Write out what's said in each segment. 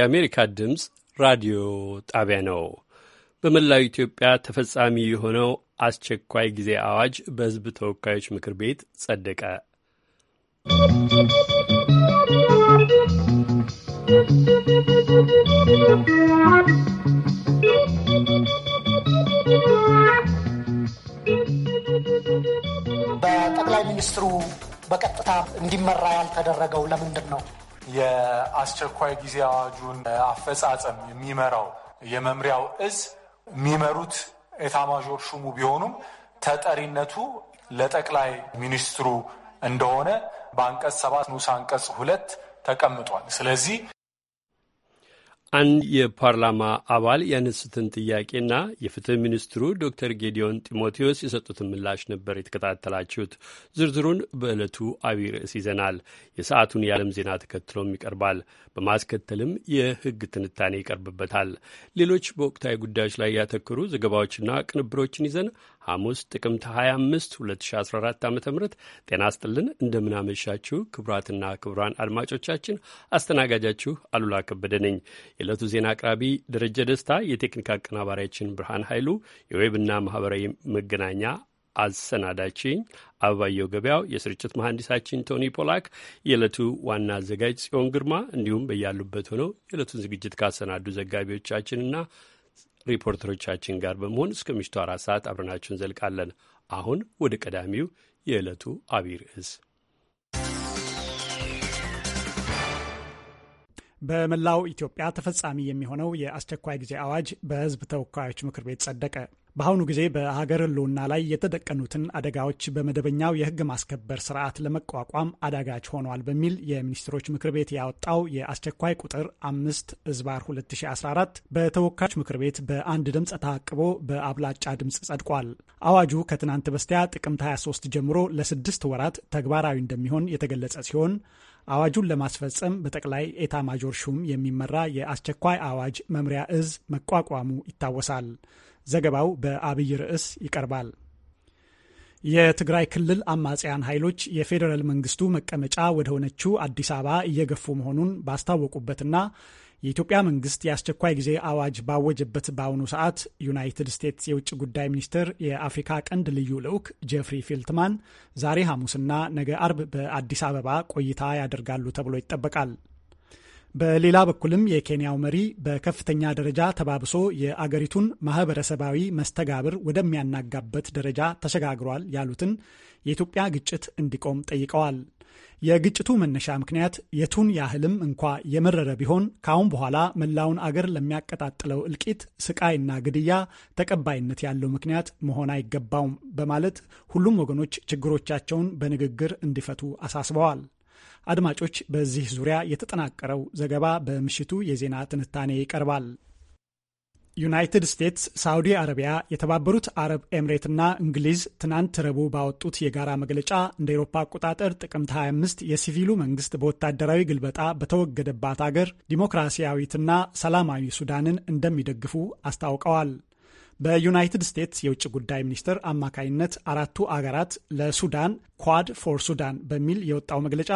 የአሜሪካ ድምፅ ራዲዮ ጣቢያ ነው። በመላው ኢትዮጵያ ተፈጻሚ የሆነው አስቸኳይ ጊዜ አዋጅ በሕዝብ ተወካዮች ምክር ቤት ጸደቀ። በጠቅላይ ሚኒስትሩ በቀጥታ እንዲመራ ያልተደረገው ለምንድን ነው? የአስቸኳይ ጊዜ አዋጁን አፈጻጸም የሚመራው የመምሪያው እዝ የሚመሩት ኤታማዦር ሹሙ ቢሆኑም ተጠሪነቱ ለጠቅላይ ሚኒስትሩ እንደሆነ በአንቀጽ ሰባት ንዑስ አንቀጽ ሁለት ተቀምጧል። ስለዚህ አንድ የፓርላማ አባል ያነሱትን ጥያቄና የፍትህ ሚኒስትሩ ዶክተር ጌዲዮን ጢሞቴዎስ የሰጡትን ምላሽ ነበር የተከታተላችሁት። ዝርዝሩን በዕለቱ አቢይ ርዕስ ይዘናል። የሰዓቱን የዓለም ዜና ተከትሎም ይቀርባል። በማስከተልም የህግ ትንታኔ ይቀርብበታል። ሌሎች በወቅታዊ ጉዳዮች ላይ ያተኮሩ ዘገባዎችና ቅንብሮችን ይዘን ሐሙስ ጥቅምት 25 2014 ዓ ም ጤና ስጥልን እንደምናመሻችሁ ክቡራትና ክቡራን አድማጮቻችን አስተናጋጃችሁ አሉላ ከበደ ነኝ። የዕለቱ ዜና አቅራቢ ደረጀ ደስታ፣ የቴክኒክ አቀናባሪያችን ብርሃን ኃይሉ፣ የዌብና ማኅበራዊ መገናኛ አሰናዳችኝ አበባየው ገበያው፣ የስርጭት መሐንዲሳችን ቶኒ ፖላክ፣ የዕለቱ ዋና አዘጋጅ ጽዮን ግርማ እንዲሁም በያሉበት ሆነው የዕለቱን ዝግጅት ካሰናዱ ዘጋቢዎቻችንና ሪፖርተሮቻችን ጋር በመሆን እስከ ምሽቱ አራት ሰዓት አብረናችሁን ዘልቃለን። አሁን ወደ ቀዳሚው የዕለቱ አብይ ርዕስ በመላው ኢትዮጵያ ተፈጻሚ የሚሆነው የአስቸኳይ ጊዜ አዋጅ በሕዝብ ተወካዮች ምክር ቤት ጸደቀ። በአሁኑ ጊዜ በሀገር ህልውና ላይ የተደቀኑትን አደጋዎች በመደበኛው የህግ ማስከበር ስርዓት ለመቋቋም አዳጋች ሆኗል በሚል የሚኒስትሮች ምክር ቤት ያወጣው የአስቸኳይ ቁጥር አምስት እዝባር 2014 በተወካዮች ምክር ቤት በአንድ ድምፅ ተአቅቦ በአብላጫ ድምፅ ጸድቋል። አዋጁ ከትናንት በስቲያ ጥቅምት 23 ጀምሮ ለስድስት ወራት ተግባራዊ እንደሚሆን የተገለጸ ሲሆን አዋጁን ለማስፈጸም በጠቅላይ ኤታ ማጆር ሹም የሚመራ የአስቸኳይ አዋጅ መምሪያ እዝ መቋቋሙ ይታወሳል። ዘገባው በአብይ ርዕስ ይቀርባል። የትግራይ ክልል አማጽያን ኃይሎች የፌዴራል መንግስቱ መቀመጫ ወደ ሆነችው አዲስ አበባ እየገፉ መሆኑን ባስታወቁበትና የኢትዮጵያ መንግስት የአስቸኳይ ጊዜ አዋጅ ባወጀበት በአሁኑ ሰዓት ዩናይትድ ስቴትስ የውጭ ጉዳይ ሚኒስትር የአፍሪካ ቀንድ ልዩ ልዑክ ጄፍሪ ፊልትማን ዛሬ ሐሙስና ነገ አርብ በአዲስ አበባ ቆይታ ያደርጋሉ ተብሎ ይጠበቃል። በሌላ በኩልም የኬንያው መሪ በከፍተኛ ደረጃ ተባብሶ የአገሪቱን ማህበረሰባዊ መስተጋብር ወደሚያናጋበት ደረጃ ተሸጋግሯል ያሉትን የኢትዮጵያ ግጭት እንዲቆም ጠይቀዋል። የግጭቱ መነሻ ምክንያት የቱን ያህልም እንኳ የመረረ ቢሆን ከአሁን በኋላ መላውን አገር ለሚያቀጣጥለው እልቂት፣ ስቃይና ግድያ ተቀባይነት ያለው ምክንያት መሆን አይገባውም በማለት ሁሉም ወገኖች ችግሮቻቸውን በንግግር እንዲፈቱ አሳስበዋል። አድማጮች፣ በዚህ ዙሪያ የተጠናቀረው ዘገባ በምሽቱ የዜና ትንታኔ ይቀርባል። ዩናይትድ ስቴትስ፣ ሳውዲ አረቢያ፣ የተባበሩት አረብ ኤምሬትና እንግሊዝ ትናንት ረቡዕ ባወጡት የጋራ መግለጫ እንደ ኤሮፓ አቆጣጠር ጥቅምት 25 የሲቪሉ መንግስት በወታደራዊ ግልበጣ በተወገደባት አገር ዲሞክራሲያዊትና ሰላማዊ ሱዳንን እንደሚደግፉ አስታውቀዋል። በዩናይትድ ስቴትስ የውጭ ጉዳይ ሚኒስትር አማካይነት አራቱ አገራት ለሱዳን ኳድ ፎር ሱዳን በሚል የወጣው መግለጫ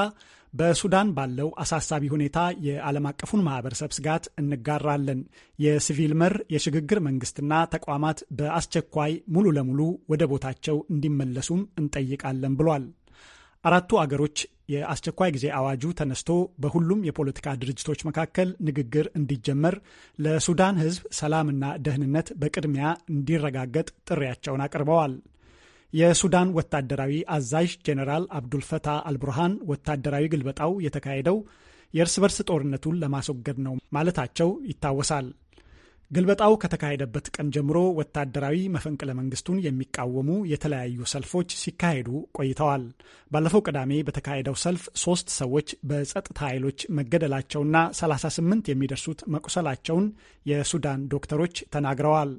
በሱዳን ባለው አሳሳቢ ሁኔታ የዓለም አቀፉን ማህበረሰብ ስጋት እንጋራለን። የሲቪል መር የሽግግር መንግስትና ተቋማት በአስቸኳይ ሙሉ ለሙሉ ወደ ቦታቸው እንዲመለሱም እንጠይቃለን ብሏል። አራቱ አገሮች የአስቸኳይ ጊዜ አዋጁ ተነስቶ በሁሉም የፖለቲካ ድርጅቶች መካከል ንግግር እንዲጀመር፣ ለሱዳን ህዝብ ሰላምና ደህንነት በቅድሚያ እንዲረጋገጥ ጥሪያቸውን አቅርበዋል። የሱዳን ወታደራዊ አዛዥ ጄኔራል አብዱልፈታ አልቡርሃን ወታደራዊ ግልበጣው የተካሄደው የእርስ በርስ ጦርነቱን ለማስወገድ ነው ማለታቸው ይታወሳል። ግልበጣው ከተካሄደበት ቀን ጀምሮ ወታደራዊ መፈንቅለ መንግስቱን የሚቃወሙ የተለያዩ ሰልፎች ሲካሄዱ ቆይተዋል። ባለፈው ቅዳሜ በተካሄደው ሰልፍ ሶስት ሰዎች በጸጥታ ኃይሎች መገደላቸውና 38 የሚደርሱት መቁሰላቸውን የሱዳን ዶክተሮች ተናግረዋል።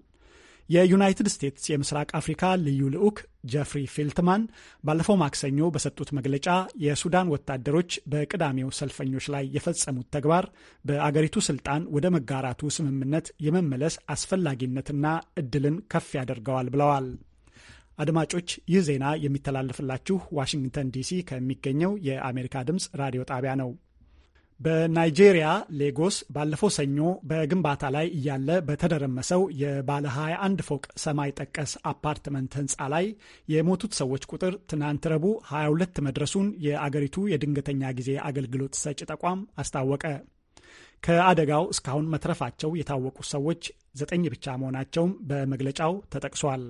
የዩናይትድ ስቴትስ የምስራቅ አፍሪካ ልዩ ልዑክ ጀፍሪ ፌልትማን ባለፈው ማክሰኞ በሰጡት መግለጫ የሱዳን ወታደሮች በቅዳሜው ሰልፈኞች ላይ የፈጸሙት ተግባር በአገሪቱ ስልጣን ወደ መጋራቱ ስምምነት የመመለስ አስፈላጊነትና እድልን ከፍ ያደርገዋል ብለዋል። አድማጮች ይህ ዜና የሚተላለፍላችሁ ዋሽንግተን ዲሲ ከሚገኘው የአሜሪካ ድምፅ ራዲዮ ጣቢያ ነው። በናይጄሪያ ሌጎስ ባለፈው ሰኞ በግንባታ ላይ እያለ በተደረመሰው የባለ 21 ፎቅ ሰማይ ጠቀስ አፓርትመንት ህንፃ ላይ የሞቱት ሰዎች ቁጥር ትናንት ረቡዕ 22 መድረሱን የአገሪቱ የድንገተኛ ጊዜ አገልግሎት ሰጪ ተቋም አስታወቀ። ከአደጋው እስካሁን መትረፋቸው የታወቁ ሰዎች ዘጠኝ ብቻ መሆናቸውም በመግለጫው ተጠቅሷል።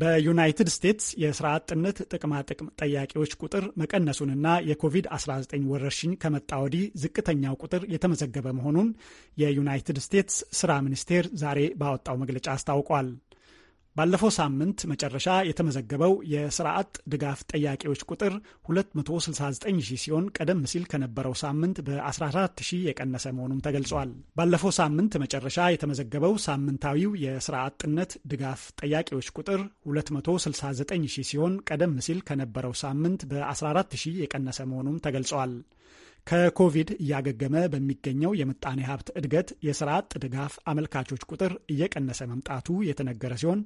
በዩናይትድ ስቴትስ የስራ አጥነት ጥቅማጥቅም ጠያቂዎች ቁጥር መቀነሱንና የኮቪድ-19 ወረርሽኝ ከመጣ ወዲህ ዝቅተኛው ቁጥር የተመዘገበ መሆኑን የዩናይትድ ስቴትስ ስራ ሚኒስቴር ዛሬ ባወጣው መግለጫ አስታውቋል። ባለፈው ሳምንት መጨረሻ የተመዘገበው የስራ ድጋፍ ጠያቂዎች ቁጥር 269 ሲሆን ቀደም ሲል ከነበረው ሳምንት በ14 ሺህ የቀነሰ መሆኑም ተገልጿል። ባለፈው ሳምንት መጨረሻ የተመዘገበው ሳምንታዊው የስራ ድጋፍ ጠያቂዎች ቁጥር 269 ሲሆን ቀደም ሲል ከነበረው ሳምንት በ14 ሺህ የቀነሰ መሆኑም ተገልጿል። ከኮቪድ እያገገመ በሚገኘው የምጣኔ ሀብት እድገት የስራ አጥ ድጋፍ አመልካቾች ቁጥር እየቀነሰ መምጣቱ የተነገረ ሲሆን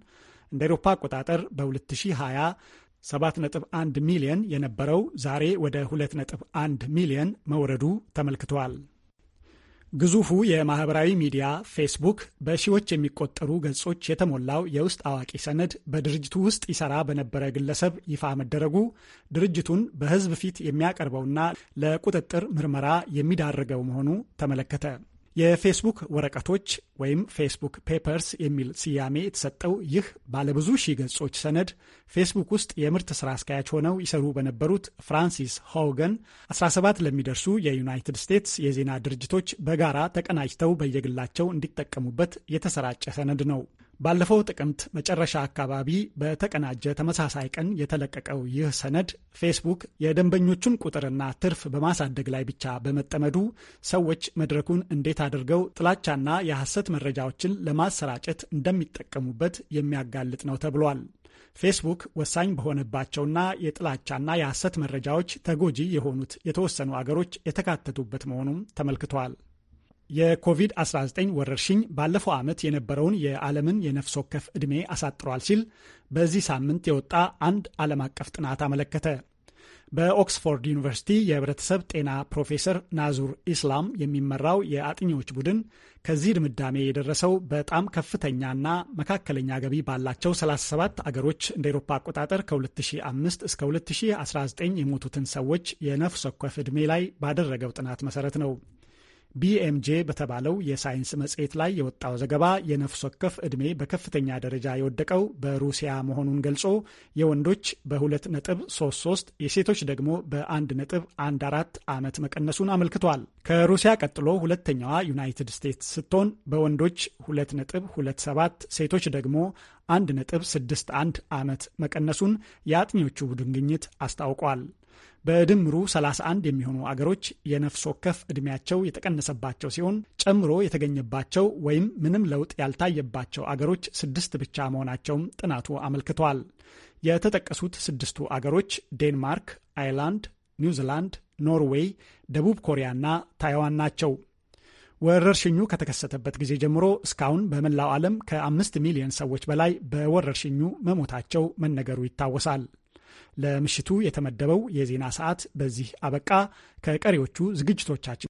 እንደ ኤሮፓ አቆጣጠር በ2020 7.1 ሚሊየን የነበረው ዛሬ ወደ 2.1 ሚሊየን መውረዱ ተመልክተዋል። ግዙፉ የማህበራዊ ሚዲያ ፌስቡክ በሺዎች የሚቆጠሩ ገጾች የተሞላው የውስጥ አዋቂ ሰነድ በድርጅቱ ውስጥ ይሰራ በነበረ ግለሰብ ይፋ መደረጉ ድርጅቱን በሕዝብ ፊት የሚያቀርበውና ለቁጥጥር ምርመራ የሚዳርገው መሆኑ ተመለከተ። የፌስቡክ ወረቀቶች ወይም ፌስቡክ ፔፐርስ የሚል ስያሜ የተሰጠው ይህ ባለብዙ ሺህ ገጾች ሰነድ ፌስቡክ ውስጥ የምርት ስራ አስኪያጅ ሆነው ይሰሩ በነበሩት ፍራንሲስ ሆገን 17 ለሚደርሱ የዩናይትድ ስቴትስ የዜና ድርጅቶች በጋራ ተቀናጅተው በየግላቸው እንዲጠቀሙበት የተሰራጨ ሰነድ ነው። ባለፈው ጥቅምት መጨረሻ አካባቢ በተቀናጀ ተመሳሳይ ቀን የተለቀቀው ይህ ሰነድ ፌስቡክ የደንበኞቹን ቁጥርና ትርፍ በማሳደግ ላይ ብቻ በመጠመዱ ሰዎች መድረኩን እንዴት አድርገው ጥላቻና የሐሰት መረጃዎችን ለማሰራጨት እንደሚጠቀሙበት የሚያጋልጥ ነው ተብሏል። ፌስቡክ ወሳኝ በሆነባቸውና የጥላቻና የሐሰት መረጃዎች ተጎጂ የሆኑት የተወሰኑ አገሮች የተካተቱበት መሆኑም ተመልክቷል። የኮቪድ-19 ወረርሽኝ ባለፈው ዓመት የነበረውን የዓለምን የነፍስ ወከፍ ዕድሜ አሳጥሯል ሲል በዚህ ሳምንት የወጣ አንድ ዓለም አቀፍ ጥናት አመለከተ። በኦክስፎርድ ዩኒቨርሲቲ የህብረተሰብ ጤና ፕሮፌሰር ናዙር ኢስላም የሚመራው የአጥኚዎች ቡድን ከዚህ ድምዳሜ የደረሰው በጣም ከፍተኛና መካከለኛ ገቢ ባላቸው 37 አገሮች እንደ ኤሮፓ አቆጣጠር ከ2005 እስከ 2019 የሞቱትን ሰዎች የነፍስ ወከፍ ዕድሜ ላይ ባደረገው ጥናት መሰረት ነው። ቢኤምጄ በተባለው የሳይንስ መጽሔት ላይ የወጣው ዘገባ የነፍስ ወከፍ ዕድሜ በከፍተኛ ደረጃ የወደቀው በሩሲያ መሆኑን ገልጾ የወንዶች በ 33 የሴቶች ደግሞ በ1.14 ዓመት መቀነሱን አመልክቷል። ከሩሲያ ቀጥሎ ሁለተኛዋ ዩናይትድ ስቴትስ ስትሆን በወንዶች 27 ሴቶች ደግሞ 1.61 ዓመት መቀነሱን የአጥኚዎቹ ቡድን ግኝት አስታውቋል። በድምሩ 31 የሚሆኑ አገሮች የነፍስ ወከፍ ዕድሜያቸው የተቀነሰባቸው ሲሆን ጨምሮ የተገኘባቸው ወይም ምንም ለውጥ ያልታየባቸው አገሮች ስድስት ብቻ መሆናቸውም ጥናቱ አመልክቷል። የተጠቀሱት ስድስቱ አገሮች ዴንማርክ፣ አይርላንድ፣ ኒውዚላንድ፣ ኖርዌይ፣ ደቡብ ኮሪያና ታይዋን ናቸው። ወረርሽኙ ከተከሰተበት ጊዜ ጀምሮ እስካሁን በመላው ዓለም ከአምስት ሚሊዮን ሰዎች በላይ በወረርሽኙ መሞታቸው መነገሩ ይታወሳል። ለምሽቱ የተመደበው የዜና ሰዓት በዚህ አበቃ። ከቀሪዎቹ ዝግጅቶቻችን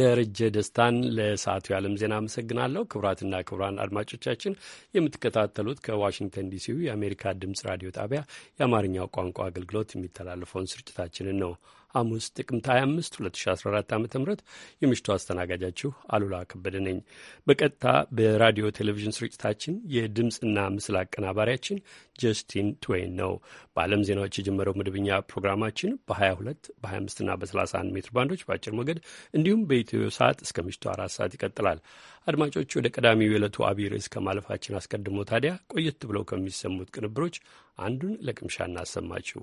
ደረጀ ደስታን ለሰዓቱ የዓለም ዜና አመሰግናለሁ። ክቡራትና ክቡራን አድማጮቻችን የምትከታተሉት ከዋሽንግተን ዲሲው የአሜሪካ ድምፅ ራዲዮ ጣቢያ የአማርኛው ቋንቋ አገልግሎት የሚተላለፈውን ስርጭታችንን ነው። ሐሙስ ጥቅምት 25 2014 ዓ ም የምሽቱ አስተናጋጃችሁ አሉላ ከበደ ነኝ። በቀጥታ በራዲዮ ቴሌቪዥን ስርጭታችን የድምፅና ምስል አቀናባሪያችን ጀስቲን ትዌይን ነው። በዓለም ዜናዎች የጀመረው መደበኛ ፕሮግራማችን በ22 በ25ና በ31 ሜትር ባንዶች በአጭር ሞገድ እንዲሁም በኢትዮ ሰዓት እስከ ምሽቱ አራት ሰዓት ይቀጥላል። አድማጮች ወደ ቀዳሚው የዕለቱ አብይ ርዕስ ከማለፋችን አስቀድሞ ታዲያ ቆየት ብለው ከሚሰሙት ቅንብሮች አንዱን ለቅምሻ እናሰማችሁ።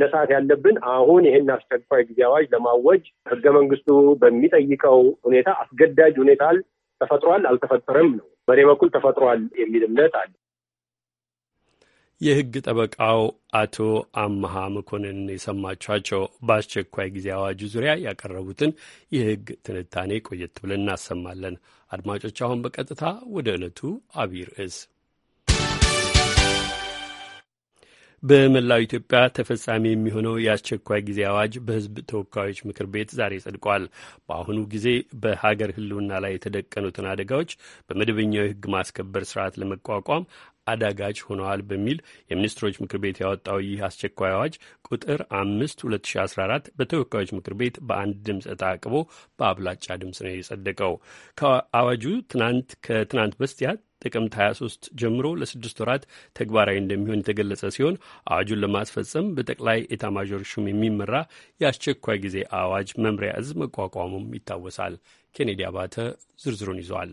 መስራት ያለብን አሁን ይህን አስቸኳይ ጊዜ አዋጅ ለማወጅ ህገ መንግስቱ በሚጠይቀው ሁኔታ አስገዳጅ ሁኔታ ተፈጥሯል አልተፈጠረም ነው። በእኔ በኩል ተፈጥሯል የሚል እምነት አለ። የህግ ጠበቃው አቶ አመሃ መኮንን የሰማችኋቸው በአስቸኳይ ጊዜ አዋጁ ዙሪያ ያቀረቡትን የህግ ትንታኔ ቆየት ብለን እናሰማለን። አድማጮች፣ አሁን በቀጥታ ወደ ዕለቱ አብይ ርዕስ በመላው ኢትዮጵያ ተፈጻሚ የሚሆነው የአስቸኳይ ጊዜ አዋጅ በሕዝብ ተወካዮች ምክር ቤት ዛሬ ጸድቋል። በአሁኑ ጊዜ በሀገር ሕልውና ላይ የተደቀኑትን አደጋዎች በመደበኛው የሕግ ማስከበር ስርዓት ለመቋቋም አዳጋች ሆነዋል በሚል የሚኒስትሮች ምክር ቤት ያወጣው ይህ አስቸኳይ አዋጅ ቁጥር አምስት አራት በተወካዮች ምክር ቤት በአንድ ድምፅ ተአቅቦ በአብላጫ ድምፅ ነው የጸደቀው። ከአዋጁ ትናንት ከትናንት በስቲያ ጥቅምት 23 ጀምሮ ለስድስት ወራት ተግባራዊ እንደሚሆን የተገለጸ ሲሆን አዋጁን ለማስፈጸም በጠቅላይ ኤታማዦር ሹም የሚመራ የአስቸኳይ ጊዜ አዋጅ መምሪያ እዝ መቋቋሙም ይታወሳል። ኬኔዲ አባተ ዝርዝሩን ይዘዋል።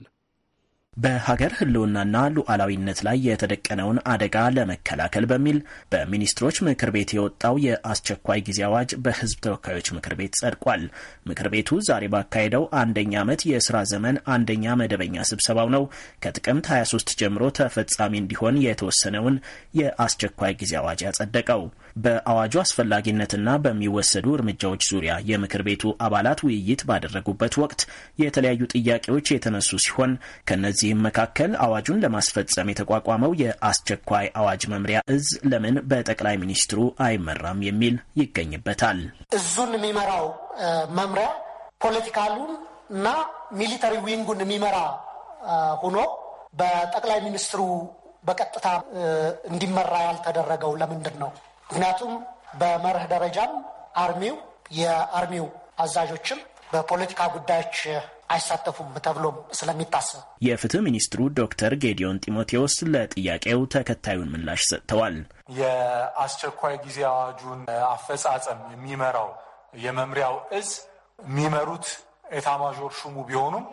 በሀገር ህልውናና ሉዓላዊነት ላይ የተደቀነውን አደጋ ለመከላከል በሚል በሚኒስትሮች ምክር ቤት የወጣው የአስቸኳይ ጊዜ አዋጅ በህዝብ ተወካዮች ምክር ቤት ጸድቋል። ምክር ቤቱ ዛሬ ባካሄደው አንደኛ ዓመት የስራ ዘመን አንደኛ መደበኛ ስብሰባው ነው ከጥቅምት 23 ጀምሮ ተፈጻሚ እንዲሆን የተወሰነውን የአስቸኳይ ጊዜ አዋጅ ያጸደቀው። በአዋጁ አስፈላጊነትና በሚወሰዱ እርምጃዎች ዙሪያ የምክር ቤቱ አባላት ውይይት ባደረጉበት ወቅት የተለያዩ ጥያቄዎች የተነሱ ሲሆን ከእነዚህም መካከል አዋጁን ለማስፈጸም የተቋቋመው የአስቸኳይ አዋጅ መምሪያ እዝ ለምን በጠቅላይ ሚኒስትሩ አይመራም የሚል ይገኝበታል። እዙን የሚመራው መምሪያ ፖለቲካሉን እና ሚሊተሪ ዊንጉን የሚመራ ሆኖ በጠቅላይ ሚኒስትሩ በቀጥታ እንዲመራ ያልተደረገው ለምንድን ነው? ምክንያቱም በመርህ ደረጃም አርሚው የአርሚው አዛዦችም በፖለቲካ ጉዳዮች አይሳተፉም ተብሎም ስለሚታሰብ የፍትህ ሚኒስትሩ ዶክተር ጌዲዮን ጢሞቴዎስ ለጥያቄው ተከታዩን ምላሽ ሰጥተዋል። የአስቸኳይ ጊዜ አዋጁን አፈጻጸም የሚመራው የመምሪያው እዝ የሚመሩት ኤታማዦር ሹሙ ቢሆኑም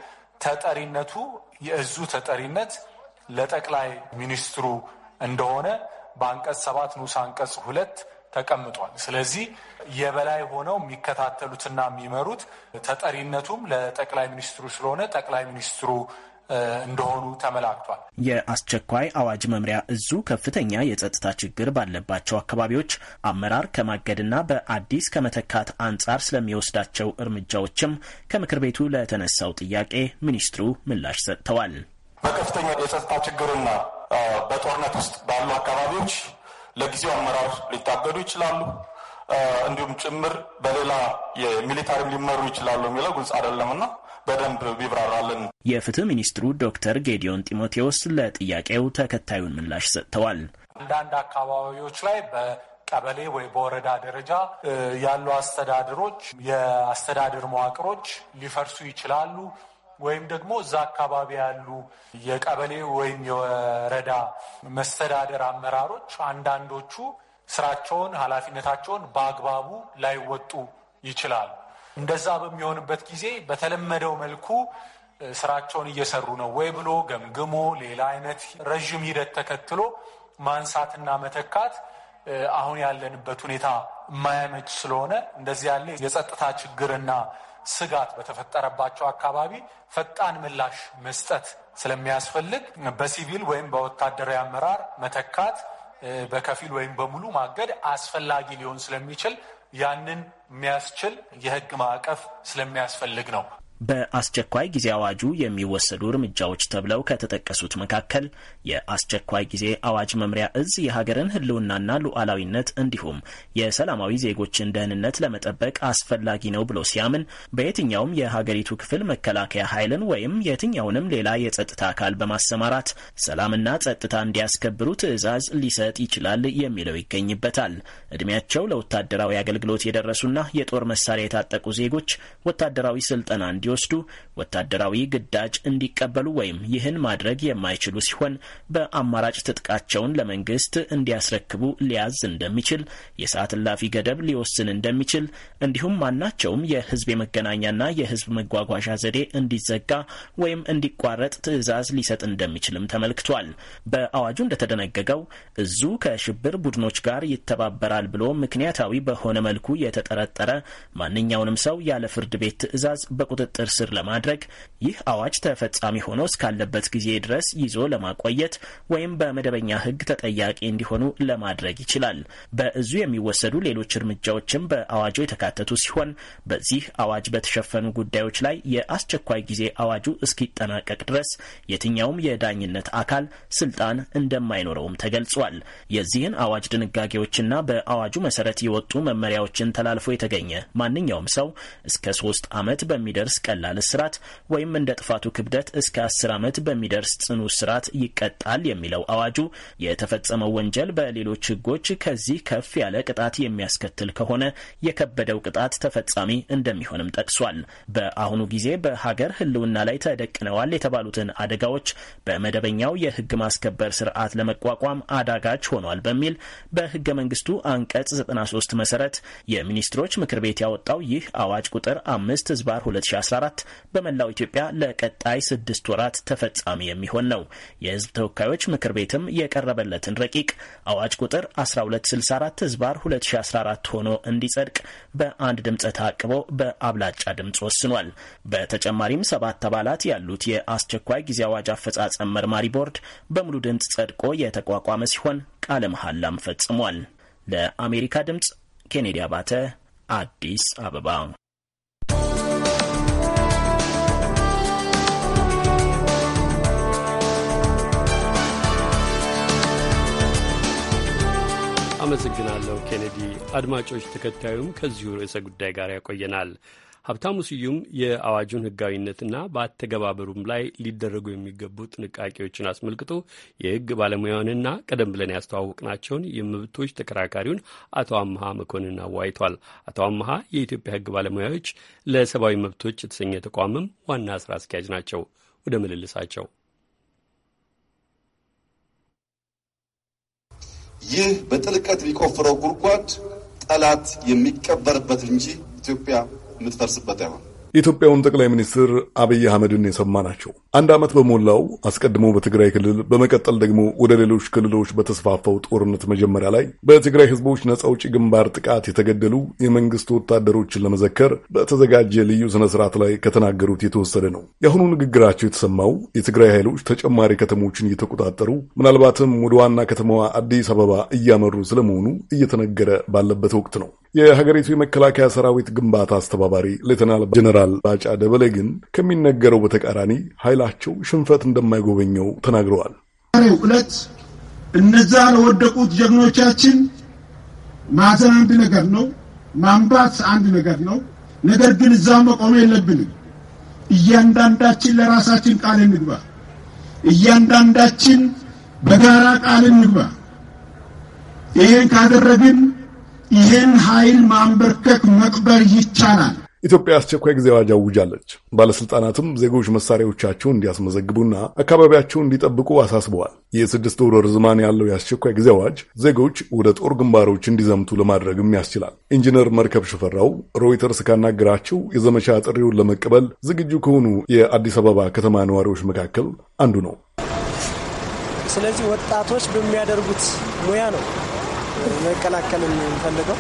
ተጠሪነቱ የእዙ ተጠሪነት ለጠቅላይ ሚኒስትሩ እንደሆነ በአንቀጽ ሰባት ንዑስ አንቀጽ ሁለት ተቀምጧል። ስለዚህ የበላይ ሆነው የሚከታተሉትና የሚመሩት ተጠሪነቱም ለጠቅላይ ሚኒስትሩ ስለሆነ ጠቅላይ ሚኒስትሩ እንደሆኑ ተመላክቷል። የአስቸኳይ አዋጅ መምሪያ እዙ ከፍተኛ የጸጥታ ችግር ባለባቸው አካባቢዎች አመራር ከማገድና በአዲስ ከመተካት አንጻር ስለሚወስዳቸው እርምጃዎችም ከምክር ቤቱ ለተነሳው ጥያቄ ሚኒስትሩ ምላሽ ሰጥተዋል። በከፍተኛ የጸጥታ ችግርና በጦርነት ውስጥ ባሉ አካባቢዎች ለጊዜው አመራር ሊታገዱ ይችላሉ። እንዲሁም ጭምር በሌላ የሚሊታሪም ሊመሩ ይችላሉ የሚለው ግልጽ አይደለምና በደንብ ቢብራራልን። የፍትህ ሚኒስትሩ ዶክተር ጌዲዮን ጢሞቴዎስ ለጥያቄው ተከታዩን ምላሽ ሰጥተዋል። አንዳንድ አካባቢዎች ላይ በቀበሌ ወይ በወረዳ ደረጃ ያሉ አስተዳደሮች የአስተዳደር መዋቅሮች ሊፈርሱ ይችላሉ፣ ወይም ደግሞ እዛ አካባቢ ያሉ የቀበሌ ወይም የወረዳ መስተዳደር አመራሮች አንዳንዶቹ ስራቸውን፣ ኃላፊነታቸውን በአግባቡ ላይወጡ ይችላሉ። እንደዛ በሚሆንበት ጊዜ በተለመደው መልኩ ስራቸውን እየሰሩ ነው ወይ ብሎ ገምግሞ ሌላ አይነት ረዥም ሂደት ተከትሎ ማንሳትና መተካት አሁን ያለንበት ሁኔታ የማያመች ስለሆነ እንደዚህ ያለ የጸጥታ ችግርና ስጋት በተፈጠረባቸው አካባቢ ፈጣን ምላሽ መስጠት ስለሚያስፈልግ በሲቪል ወይም በወታደራዊ አመራር መተካት በከፊል ወይም በሙሉ ማገድ አስፈላጊ ሊሆን ስለሚችል ያንን የሚያስችል የሕግ ማዕቀፍ ስለሚያስፈልግ ነው። በአስቸኳይ ጊዜ አዋጁ የሚወሰዱ እርምጃዎች ተብለው ከተጠቀሱት መካከል የአስቸኳይ ጊዜ አዋጅ መምሪያ እዝ የሀገርን ሕልውናና ሉዓላዊነት እንዲሁም የሰላማዊ ዜጎችን ደህንነት ለመጠበቅ አስፈላጊ ነው ብሎ ሲያምን በየትኛውም የሀገሪቱ ክፍል መከላከያ ኃይልን ወይም የትኛውንም ሌላ የጸጥታ አካል በማሰማራት ሰላምና ጸጥታ እንዲያስከብሩ ትዕዛዝ ሊሰጥ ይችላል የሚለው ይገኝበታል። እድሜያቸው ለወታደራዊ አገልግሎት የደረሱና የጦር መሳሪያ የታጠቁ ዜጎች ወታደራዊ ስልጠና እንዲ እንዲወስዱ ወታደራዊ ግዳጅ እንዲቀበሉ ወይም ይህን ማድረግ የማይችሉ ሲሆን በአማራጭ ትጥቃቸውን ለመንግስት እንዲያስረክቡ ሊያዝ እንደሚችል፣ የሰዓት እላፊ ገደብ ሊወስን እንደሚችል እንዲሁም ማናቸውም የህዝብ የመገናኛና የህዝብ መጓጓዣ ዘዴ እንዲዘጋ ወይም እንዲቋረጥ ትዕዛዝ ሊሰጥ እንደሚችልም ተመልክቷል። በአዋጁ እንደተደነገገው እዙ ከሽብር ቡድኖች ጋር ይተባበራል ብሎ ምክንያታዊ በሆነ መልኩ የተጠረጠረ ማንኛውንም ሰው ያለ ፍርድ ቤት ትዕዛዝ በቁጥጥር ቁጥጥር ስር ለማድረግ ይህ አዋጅ ተፈጻሚ ሆኖ እስካለበት ጊዜ ድረስ ይዞ ለማቆየት ወይም በመደበኛ ሕግ ተጠያቂ እንዲሆኑ ለማድረግ ይችላል። በእዙ የሚወሰዱ ሌሎች እርምጃዎችም በአዋጁ የተካተቱ ሲሆን በዚህ አዋጅ በተሸፈኑ ጉዳዮች ላይ የአስቸኳይ ጊዜ አዋጁ እስኪጠናቀቅ ድረስ የትኛውም የዳኝነት አካል ስልጣን እንደማይኖረውም ተገልጿል። የዚህን አዋጅ ድንጋጌዎችና በአዋጁ መሰረት የወጡ መመሪያዎችን ተላልፎ የተገኘ ማንኛውም ሰው እስከ ሶስት ዓመት በሚደርስ ቀላል እስራት ወይም እንደ ጥፋቱ ክብደት እስከ አስር ዓመት በሚደርስ ጽኑ እስራት ይቀጣል የሚለው አዋጁ የተፈጸመው ወንጀል በሌሎች ህጎች ከዚህ ከፍ ያለ ቅጣት የሚያስከትል ከሆነ የከበደው ቅጣት ተፈጻሚ እንደሚሆንም ጠቅሷል። በአሁኑ ጊዜ በሀገር ህልውና ላይ ተደቅነዋል የተባሉትን አደጋዎች በመደበኛው የህግ ማስከበር ስርዓት ለመቋቋም አዳጋች ሆኗል በሚል በህገ መንግስቱ አንቀጽ 93 መሰረት የሚኒስትሮች ምክር ቤት ያወጣው ይህ አዋጅ ቁጥር 5 ህዝባር 2014 2014 በመላው ኢትዮጵያ ለቀጣይ ስድስት ወራት ተፈጻሚ የሚሆን ነው። የህዝብ ተወካዮች ምክር ቤትም የቀረበለትን ረቂቅ አዋጅ ቁጥር 1264 ህዝባር 2014 ሆኖ እንዲጸድቅ በአንድ ድምፀ ተአቅቦ በአብላጫ ድምፅ ወስኗል። በተጨማሪም ሰባት አባላት ያሉት የአስቸኳይ ጊዜ አዋጅ አፈጻጸም መርማሪ ቦርድ በሙሉ ድምፅ ጸድቆ የተቋቋመ ሲሆን ቃለ መሐላም ፈጽሟል። ለአሜሪካ ድምፅ ኬኔዲ አባተ አዲስ አበባ አመሰግናለሁ ኬኔዲ። አድማጮች፣ ተከታዩም ከዚሁ ርዕሰ ጉዳይ ጋር ያቆየናል። ሀብታሙ ስዩም የአዋጁን ህጋዊነትና በአተገባበሩም ላይ ሊደረጉ የሚገቡ ጥንቃቄዎችን አስመልክቶ የህግ ባለሙያውንና ቀደም ብለን ያስተዋወቅናቸውን የመብቶች ተከራካሪውን አቶ አምሃ መኮንን አዋይቷል። አቶ አምሃ የኢትዮጵያ ህግ ባለሙያዎች ለሰብአዊ መብቶች የተሰኘ ተቋምም ዋና ስራ አስኪያጅ ናቸው። ወደ ምልልሳቸው ይህ በጥልቀት የሚቆፍረው ጉድጓድ ጠላት የሚቀበርበት እንጂ ኢትዮጵያ የምትፈርስበት አይሆን። የኢትዮጵያውን ጠቅላይ ሚኒስትር አብይ አህመድን የሰማ ናቸው። አንድ ዓመት በሞላው አስቀድሞ በትግራይ ክልል በመቀጠል ደግሞ ወደ ሌሎች ክልሎች በተስፋፋው ጦርነት መጀመሪያ ላይ በትግራይ ህዝቦች ነጻ አውጪ ግንባር ጥቃት የተገደሉ የመንግስት ወታደሮችን ለመዘከር በተዘጋጀ ልዩ ስነ ስርዓት ላይ ከተናገሩት የተወሰደ ነው። የአሁኑ ንግግራቸው የተሰማው የትግራይ ኃይሎች ተጨማሪ ከተሞችን እየተቆጣጠሩ ምናልባትም ወደ ዋና ከተማዋ አዲስ አበባ እያመሩ ስለመሆኑ እየተነገረ ባለበት ወቅት ነው። የሀገሪቱ የመከላከያ ሰራዊት ግንባታ አስተባባሪ ሌተናል ጀነራል ባጫ ደበሌ ግን ከሚነገረው በተቃራኒ ኃይላቸው ሽንፈት እንደማይጎበኘው ተናግረዋል። ሁለት እነዛ ለወደቁት ጀግኖቻችን ማዘን አንድ ነገር ነው፣ ማንባት አንድ ነገር ነው። ነገር ግን እዛ መቆም የለብንም። እያንዳንዳችን ለራሳችን ቃል እንግባ። እያንዳንዳችን በጋራ ቃል እንግባ። ይህን ካደረግን ይህን ኃይል ማንበርከክ መቅበር ይቻላል። ኢትዮጵያ አስቸኳይ ጊዜ አዋጅ አውጃለች። ባለስልጣናትም ዜጎች መሳሪያዎቻቸውን እንዲያስመዘግቡና አካባቢያቸውን እንዲጠብቁ አሳስበዋል። የስድስት ወር ርዝማን ያለው የአስቸኳይ ጊዜ አዋጅ ዜጎች ወደ ጦር ግንባሮች እንዲዘምቱ ለማድረግም ያስችላል። ኢንጂነር መርከብ ሽፈራው ሮይተርስ ካናገራቸው የዘመቻ ጥሪውን ለመቀበል ዝግጁ ከሆኑ የአዲስ አበባ ከተማ ነዋሪዎች መካከል አንዱ ነው። ስለዚህ ወጣቶች በሚያደርጉት ሙያ ነው መቀላቀል የምንፈልገው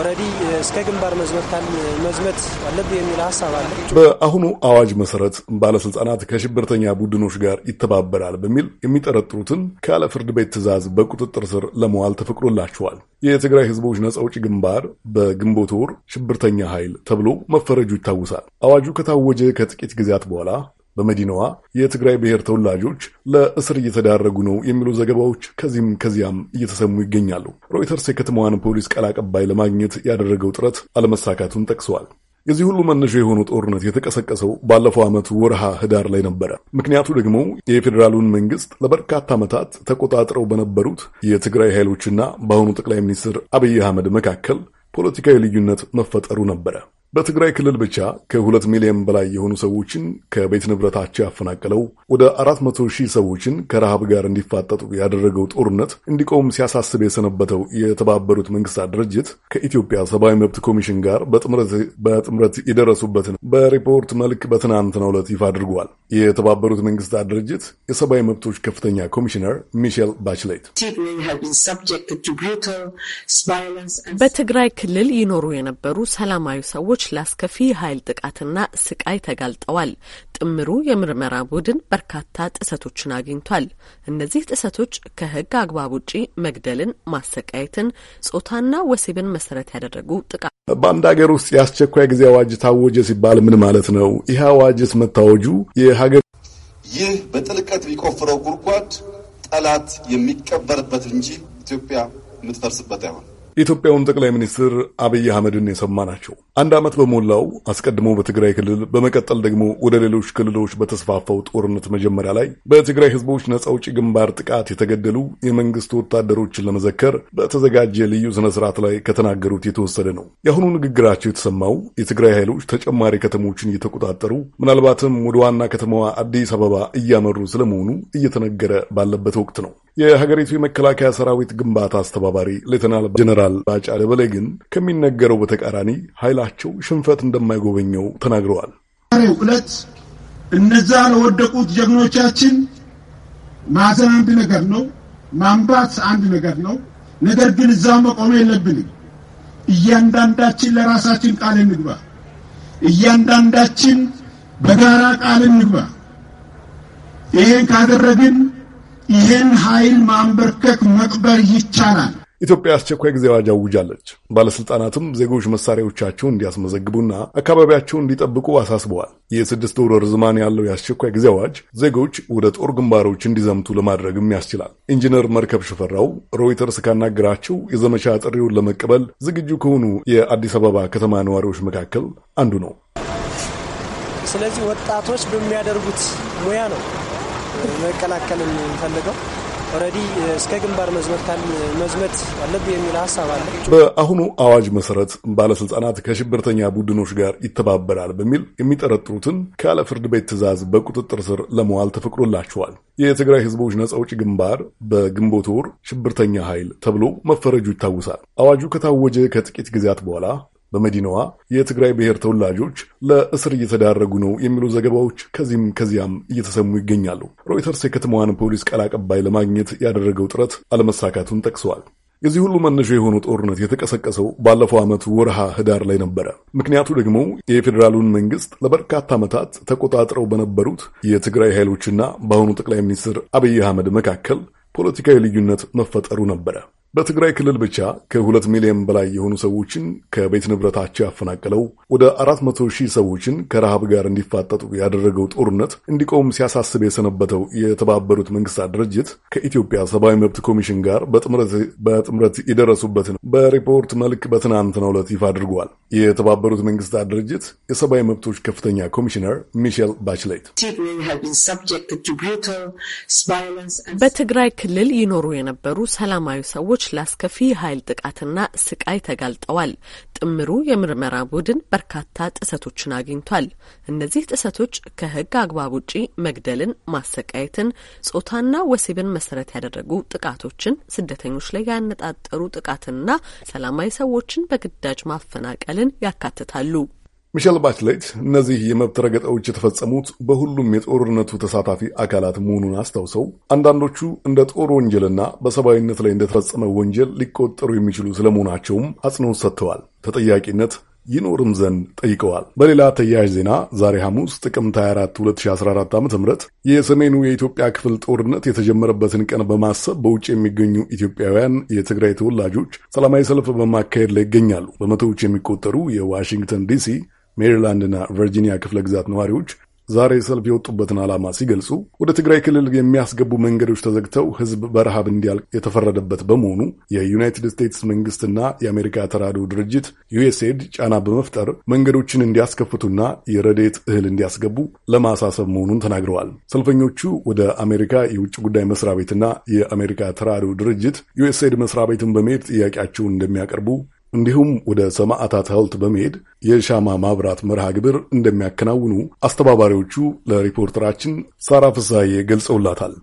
ኦልሬዲ እስከ ግንባር መዝመት አለብ የሚል ሀሳብ አለ። በአሁኑ አዋጅ መሰረት ባለስልጣናት ከሽብርተኛ ቡድኖች ጋር ይተባበራል በሚል የሚጠረጥሩትን ካለ ፍርድ ቤት ትዕዛዝ በቁጥጥር ስር ለመዋል ተፈቅዶላቸዋል። የትግራይ ሕዝቦች ነጻ አውጪ ግንባር በግንቦት ወር ሽብርተኛ ኃይል ተብሎ መፈረጁ ይታወሳል። አዋጁ ከታወጀ ከጥቂት ጊዜያት በኋላ በመዲናዋ የትግራይ ብሔር ተወላጆች ለእስር እየተዳረጉ ነው የሚሉ ዘገባዎች ከዚህም ከዚያም እየተሰሙ ይገኛሉ። ሮይተርስ የከተማዋን ፖሊስ ቃል አቀባይ ለማግኘት ያደረገው ጥረት አለመሳካቱን ጠቅሰዋል። የዚህ ሁሉ መነሻ የሆነው ጦርነት የተቀሰቀሰው ባለፈው ዓመት ወርሃ ህዳር ላይ ነበረ። ምክንያቱ ደግሞ የፌዴራሉን መንግስት ለበርካታ ዓመታት ተቆጣጥረው በነበሩት የትግራይ ኃይሎችና በአሁኑ ጠቅላይ ሚኒስትር አብይ አህመድ መካከል ፖለቲካዊ ልዩነት መፈጠሩ ነበረ። በትግራይ ክልል ብቻ ከሁለት ሚሊዮን በላይ የሆኑ ሰዎችን ከቤት ንብረታቸው ያፈናቀለው ወደ አራት መቶ ሺህ ሰዎችን ከረሃብ ጋር እንዲፋጠጡ ያደረገው ጦርነት እንዲቆም ሲያሳስብ የሰነበተው የተባበሩት መንግስታት ድርጅት ከኢትዮጵያ ሰብአዊ መብት ኮሚሽን ጋር በጥምረት የደረሱበትን በሪፖርት መልክ በትናንትናው ዕለት ይፋ አድርጓል። የተባበሩት መንግስታት ድርጅት የሰብአዊ መብቶች ከፍተኛ ኮሚሽነር ሚሼል ባችሌት በትግራይ ክልል ይኖሩ የነበሩ ሰላማዊ ሰዎች ሰዎች ላስከፊ የኃይል ጥቃትና ስቃይ ተጋልጠዋል። ጥምሩ የምርመራ ቡድን በርካታ ጥሰቶችን አግኝቷል። እነዚህ ጥሰቶች ከህግ አግባብ ውጪ መግደልን፣ ማሰቃየትን፣ ጾታና ወሲብን መሰረት ያደረጉ ጥቃት። በአንድ ሀገር ውስጥ የአስቸኳይ ጊዜ አዋጅ ታወጀ ሲባል ምን ማለት ነው? ይህ አዋጅስ መታወጁ የሀገር ይህ በጥልቀት ቢቆፍረው ጉድጓድ ጠላት የሚቀበርበት እንጂ ኢትዮጵያ የምትፈርስበት አይሆን። የኢትዮጵያውን ጠቅላይ ሚኒስትር አብይ አህመድን የሰማ ናቸው። አንድ ዓመት በሞላው አስቀድሞ በትግራይ ክልል በመቀጠል ደግሞ ወደ ሌሎች ክልሎች በተስፋፋው ጦርነት መጀመሪያ ላይ በትግራይ ህዝቦች ነጻ አውጪ ግንባር ጥቃት የተገደሉ የመንግስት ወታደሮችን ለመዘከር በተዘጋጀ ልዩ ስነ ስርዓት ላይ ከተናገሩት የተወሰደ ነው። የአሁኑ ንግግራቸው የተሰማው የትግራይ ኃይሎች ተጨማሪ ከተሞችን እየተቆጣጠሩ ምናልባትም ወደ ዋና ከተማዋ አዲስ አበባ እያመሩ ስለመሆኑ እየተነገረ ባለበት ወቅት ነው። የሀገሪቱ የመከላከያ ሰራዊት ግንባታ አስተባባሪ ሌተናል ጀነራል ባጫ ደበሌ ግን ከሚነገረው በተቃራኒ ኃይላቸው ሽንፈት እንደማይጎበኘው ተናግረዋል። ሁለት እነዛ ለወደቁት ጀግኖቻችን ማዘን አንድ ነገር ነው፣ ማንባት አንድ ነገር ነው። ነገር ግን እዛ መቆም የለብንም። እያንዳንዳችን ለራሳችን ቃል እንግባ። እያንዳንዳችን በጋራ ቃል እንግባ። ይህን ካደረግን ይህን ኃይል ማንበርከክ መቅበር ይቻላል። ኢትዮጵያ አስቸኳይ ጊዜ አዋጅ አውጃለች። ባለስልጣናትም ዜጎች መሳሪያዎቻቸውን እንዲያስመዘግቡና አካባቢያቸውን እንዲጠብቁ አሳስበዋል። የስድስት ወር ርዝማን ያለው የአስቸኳይ ጊዜ አዋጅ ዜጎች ወደ ጦር ግንባሮች እንዲዘምቱ ለማድረግም ያስችላል። ኢንጂነር መርከብ ሽፈራው ሮይተርስ ካናገራቸው የዘመቻ ጥሪውን ለመቀበል ዝግጁ ከሆኑ የአዲስ አበባ ከተማ ነዋሪዎች መካከል አንዱ ነው። ስለዚህ ወጣቶች በሚያደርጉት ሙያ ነው መቀላቀል የምንፈልገው ኦልሬዲ uh, እስከ ግንባር መዝመት አለብህ የሚል ሀሳብ አለ። በአሁኑ አዋጅ መሰረት ባለስልጣናት ከሽብርተኛ ቡድኖች ጋር ይተባበራል በሚል የሚጠረጥሩትን ካለ ፍርድ ቤት ትዕዛዝ በቁጥጥር ስር ለመዋል ተፈቅዶላቸዋል። የትግራይ ህዝቦች ነጻ አውጪ ግንባር በግንቦት ወር ሽብርተኛ ኃይል ተብሎ መፈረጁ ይታወሳል። አዋጁ ከታወጀ ከጥቂት ጊዜያት በኋላ በመዲናዋ የትግራይ ብሔር ተወላጆች ለእስር እየተዳረጉ ነው የሚሉ ዘገባዎች ከዚህም ከዚያም እየተሰሙ ይገኛሉ። ሮይተርስ የከተማዋን ፖሊስ ቃል አቀባይ ለማግኘት ያደረገው ጥረት አለመሳካቱን ጠቅሰዋል። የዚህ ሁሉ መነሻ የሆኑ ጦርነት የተቀሰቀሰው ባለፈው ዓመት ወርሃ ህዳር ላይ ነበረ። ምክንያቱ ደግሞ የፌዴራሉን መንግስት ለበርካታ ዓመታት ተቆጣጥረው በነበሩት የትግራይ ኃይሎችና በአሁኑ ጠቅላይ ሚኒስትር አብይ አህመድ መካከል ፖለቲካዊ ልዩነት መፈጠሩ ነበረ። በትግራይ ክልል ብቻ ከሁለት ሚሊዮን በላይ የሆኑ ሰዎችን ከቤት ንብረታቸው ያፈናቀለው ወደ አራት መቶ ሺህ ሰዎችን ከረሃብ ጋር እንዲፋጠጡ ያደረገው ጦርነት እንዲቆም ሲያሳስብ የሰነበተው የተባበሩት መንግስታት ድርጅት ከኢትዮጵያ ሰብአዊ መብት ኮሚሽን ጋር በጥምረት የደረሱበትን በሪፖርት መልክ በትናንትናው ዕለት ይፋ አድርጓል። የተባበሩት መንግስታት ድርጅት የሰብአዊ መብቶች ከፍተኛ ኮሚሽነር ሚሼል ባችሌት በትግራይ ክልል ይኖሩ የነበሩ ሰላማዊ ሰዎች ሰዎች ላስከፊ የኃይል ጥቃትና ስቃይ ተጋልጠዋል። ጥምሩ የምርመራ ቡድን በርካታ ጥሰቶችን አግኝቷል። እነዚህ ጥሰቶች ከሕግ አግባብ ውጪ መግደልን፣ ማሰቃየትን፣ ጾታና ወሲብን መሰረት ያደረጉ ጥቃቶችን፣ ስደተኞች ላይ ያነጣጠሩ ጥቃትና ሰላማዊ ሰዎችን በግዳጅ ማፈናቀልን ያካትታሉ። ሚሸል ባችሌት እነዚህ የመብት ረገጣዎች የተፈጸሙት በሁሉም የጦርነቱ ተሳታፊ አካላት መሆኑን አስታውሰው አንዳንዶቹ እንደ ጦር ወንጀልና በሰብአዊነት ላይ እንደተፈጸመ ወንጀል ሊቆጠሩ የሚችሉ ስለመሆናቸውም አጽንኦት ሰጥተዋል። ተጠያቂነት ይኖርም ዘንድ ጠይቀዋል። በሌላ ተያያዥ ዜና ዛሬ ሐሙስ ጥቅምት 24 2014 ዓ ም የሰሜኑ የኢትዮጵያ ክፍል ጦርነት የተጀመረበትን ቀን በማሰብ በውጭ የሚገኙ ኢትዮጵያውያን የትግራይ ተወላጆች ሰላማዊ ሰልፍ በማካሄድ ላይ ይገኛሉ። በመቶዎች የሚቆጠሩ የዋሽንግተን ዲሲ ሜሪላንድና ቨርጂኒያ ክፍለ ግዛት ነዋሪዎች ዛሬ ሰልፍ የወጡበትን ዓላማ ሲገልጹ ወደ ትግራይ ክልል የሚያስገቡ መንገዶች ተዘግተው ሕዝብ በረሃብ እንዲያልቅ የተፈረደበት በመሆኑ የዩናይትድ ስቴትስ መንግስትና የአሜሪካ ተራድኦ ድርጅት ዩኤስኤድ ጫና በመፍጠር መንገዶችን እንዲያስከፍቱና የረዴት እህል እንዲያስገቡ ለማሳሰብ መሆኑን ተናግረዋል። ሰልፈኞቹ ወደ አሜሪካ የውጭ ጉዳይ መስሪያ ቤትና የአሜሪካ ተራድኦ ድርጅት ዩኤስኤድ መስሪያ ቤትን በመሄድ ጥያቄያቸውን እንደሚያቀርቡ እንዲሁም ወደ ሰማዕታት ሐውልት በመሄድ የሻማ ማብራት መርሃ ግብር እንደሚያከናውኑ አስተባባሪዎቹ ለሪፖርተራችን ሳራ ፍሳዬ ገልጸውላታል።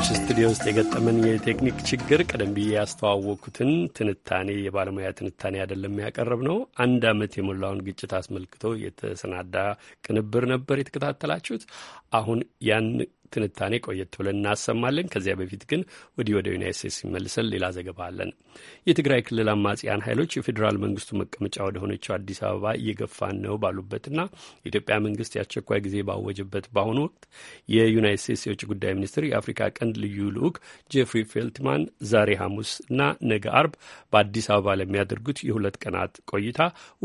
አድማጮች ስቱዲዮ ውስጥ የገጠመን የቴክኒክ ችግር ቀደም ብዬ ያስተዋወቅኩትን ትንታኔ የባለሙያ ትንታኔ አይደለም ያቀረብ ነው። አንድ ዓመት የሞላውን ግጭት አስመልክቶ የተሰናዳ ቅንብር ነበር የተከታተላችሁት። አሁን ያን ትንታኔ ቆየት ብለን እናሰማለን። ከዚያ በፊት ግን ወዲህ ወደ ዩናይት ስቴትስ ሲመልሰን ሌላ ዘገባ አለን። የትግራይ ክልል አማጽያን ኃይሎች የፌዴራል መንግስቱ መቀመጫ ወደ ሆነችው አዲስ አበባ እየገፋን ነው ባሉበትና የኢትዮጵያ መንግስት የአስቸኳይ ጊዜ ባወጀበት በአሁኑ ወቅት የዩናይት ስቴትስ የውጭ ጉዳይ ሚኒስትር የአፍሪካ ቀንድ ልዩ ልዑክ ጄፍሪ ፌልትማን ዛሬ ሐሙስ እና ነገ አርብ በአዲስ አበባ ለሚያደርጉት የሁለት ቀናት ቆይታ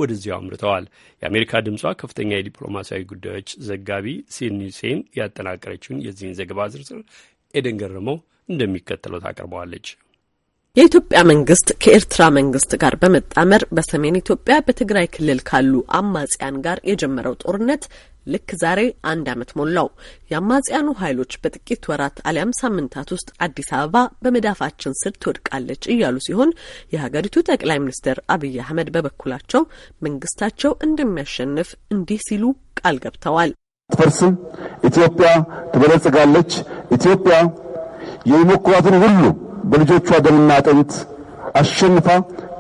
ወደዚያው አምርተዋል። የአሜሪካ ድምጿ ከፍተኛ የዲፕሎማሲያዊ ጉዳዮች ዘጋቢ ሲኒሴን ያጠናቀረችውን ያጠናቀረችውን የዚህን ዘገባ ዝርዝር ኤደን ገረመው እንደሚከተለው ታቀርበዋለች። የኢትዮጵያ መንግስት ከኤርትራ መንግስት ጋር በመጣመር በሰሜን ኢትዮጵያ በትግራይ ክልል ካሉ አማጽያን ጋር የጀመረው ጦርነት ልክ ዛሬ አንድ ዓመት ሞላው። የአማጽያኑ ኃይሎች በጥቂት ወራት አሊያም ሳምንታት ውስጥ አዲስ አበባ በመዳፋችን ስር ትወድቃለች እያሉ ሲሆን የሀገሪቱ ጠቅላይ ሚኒስትር አብይ አህመድ በበኩላቸው መንግስታቸው እንደሚያሸንፍ እንዲህ ሲሉ ቃል ገብተዋል። አትፈርስም። ኢትዮጵያ ትበለጽጋለች። ኢትዮጵያ የሚሞክሯትን ሁሉ በልጆቿ ደምና አጥንት አሸንፋ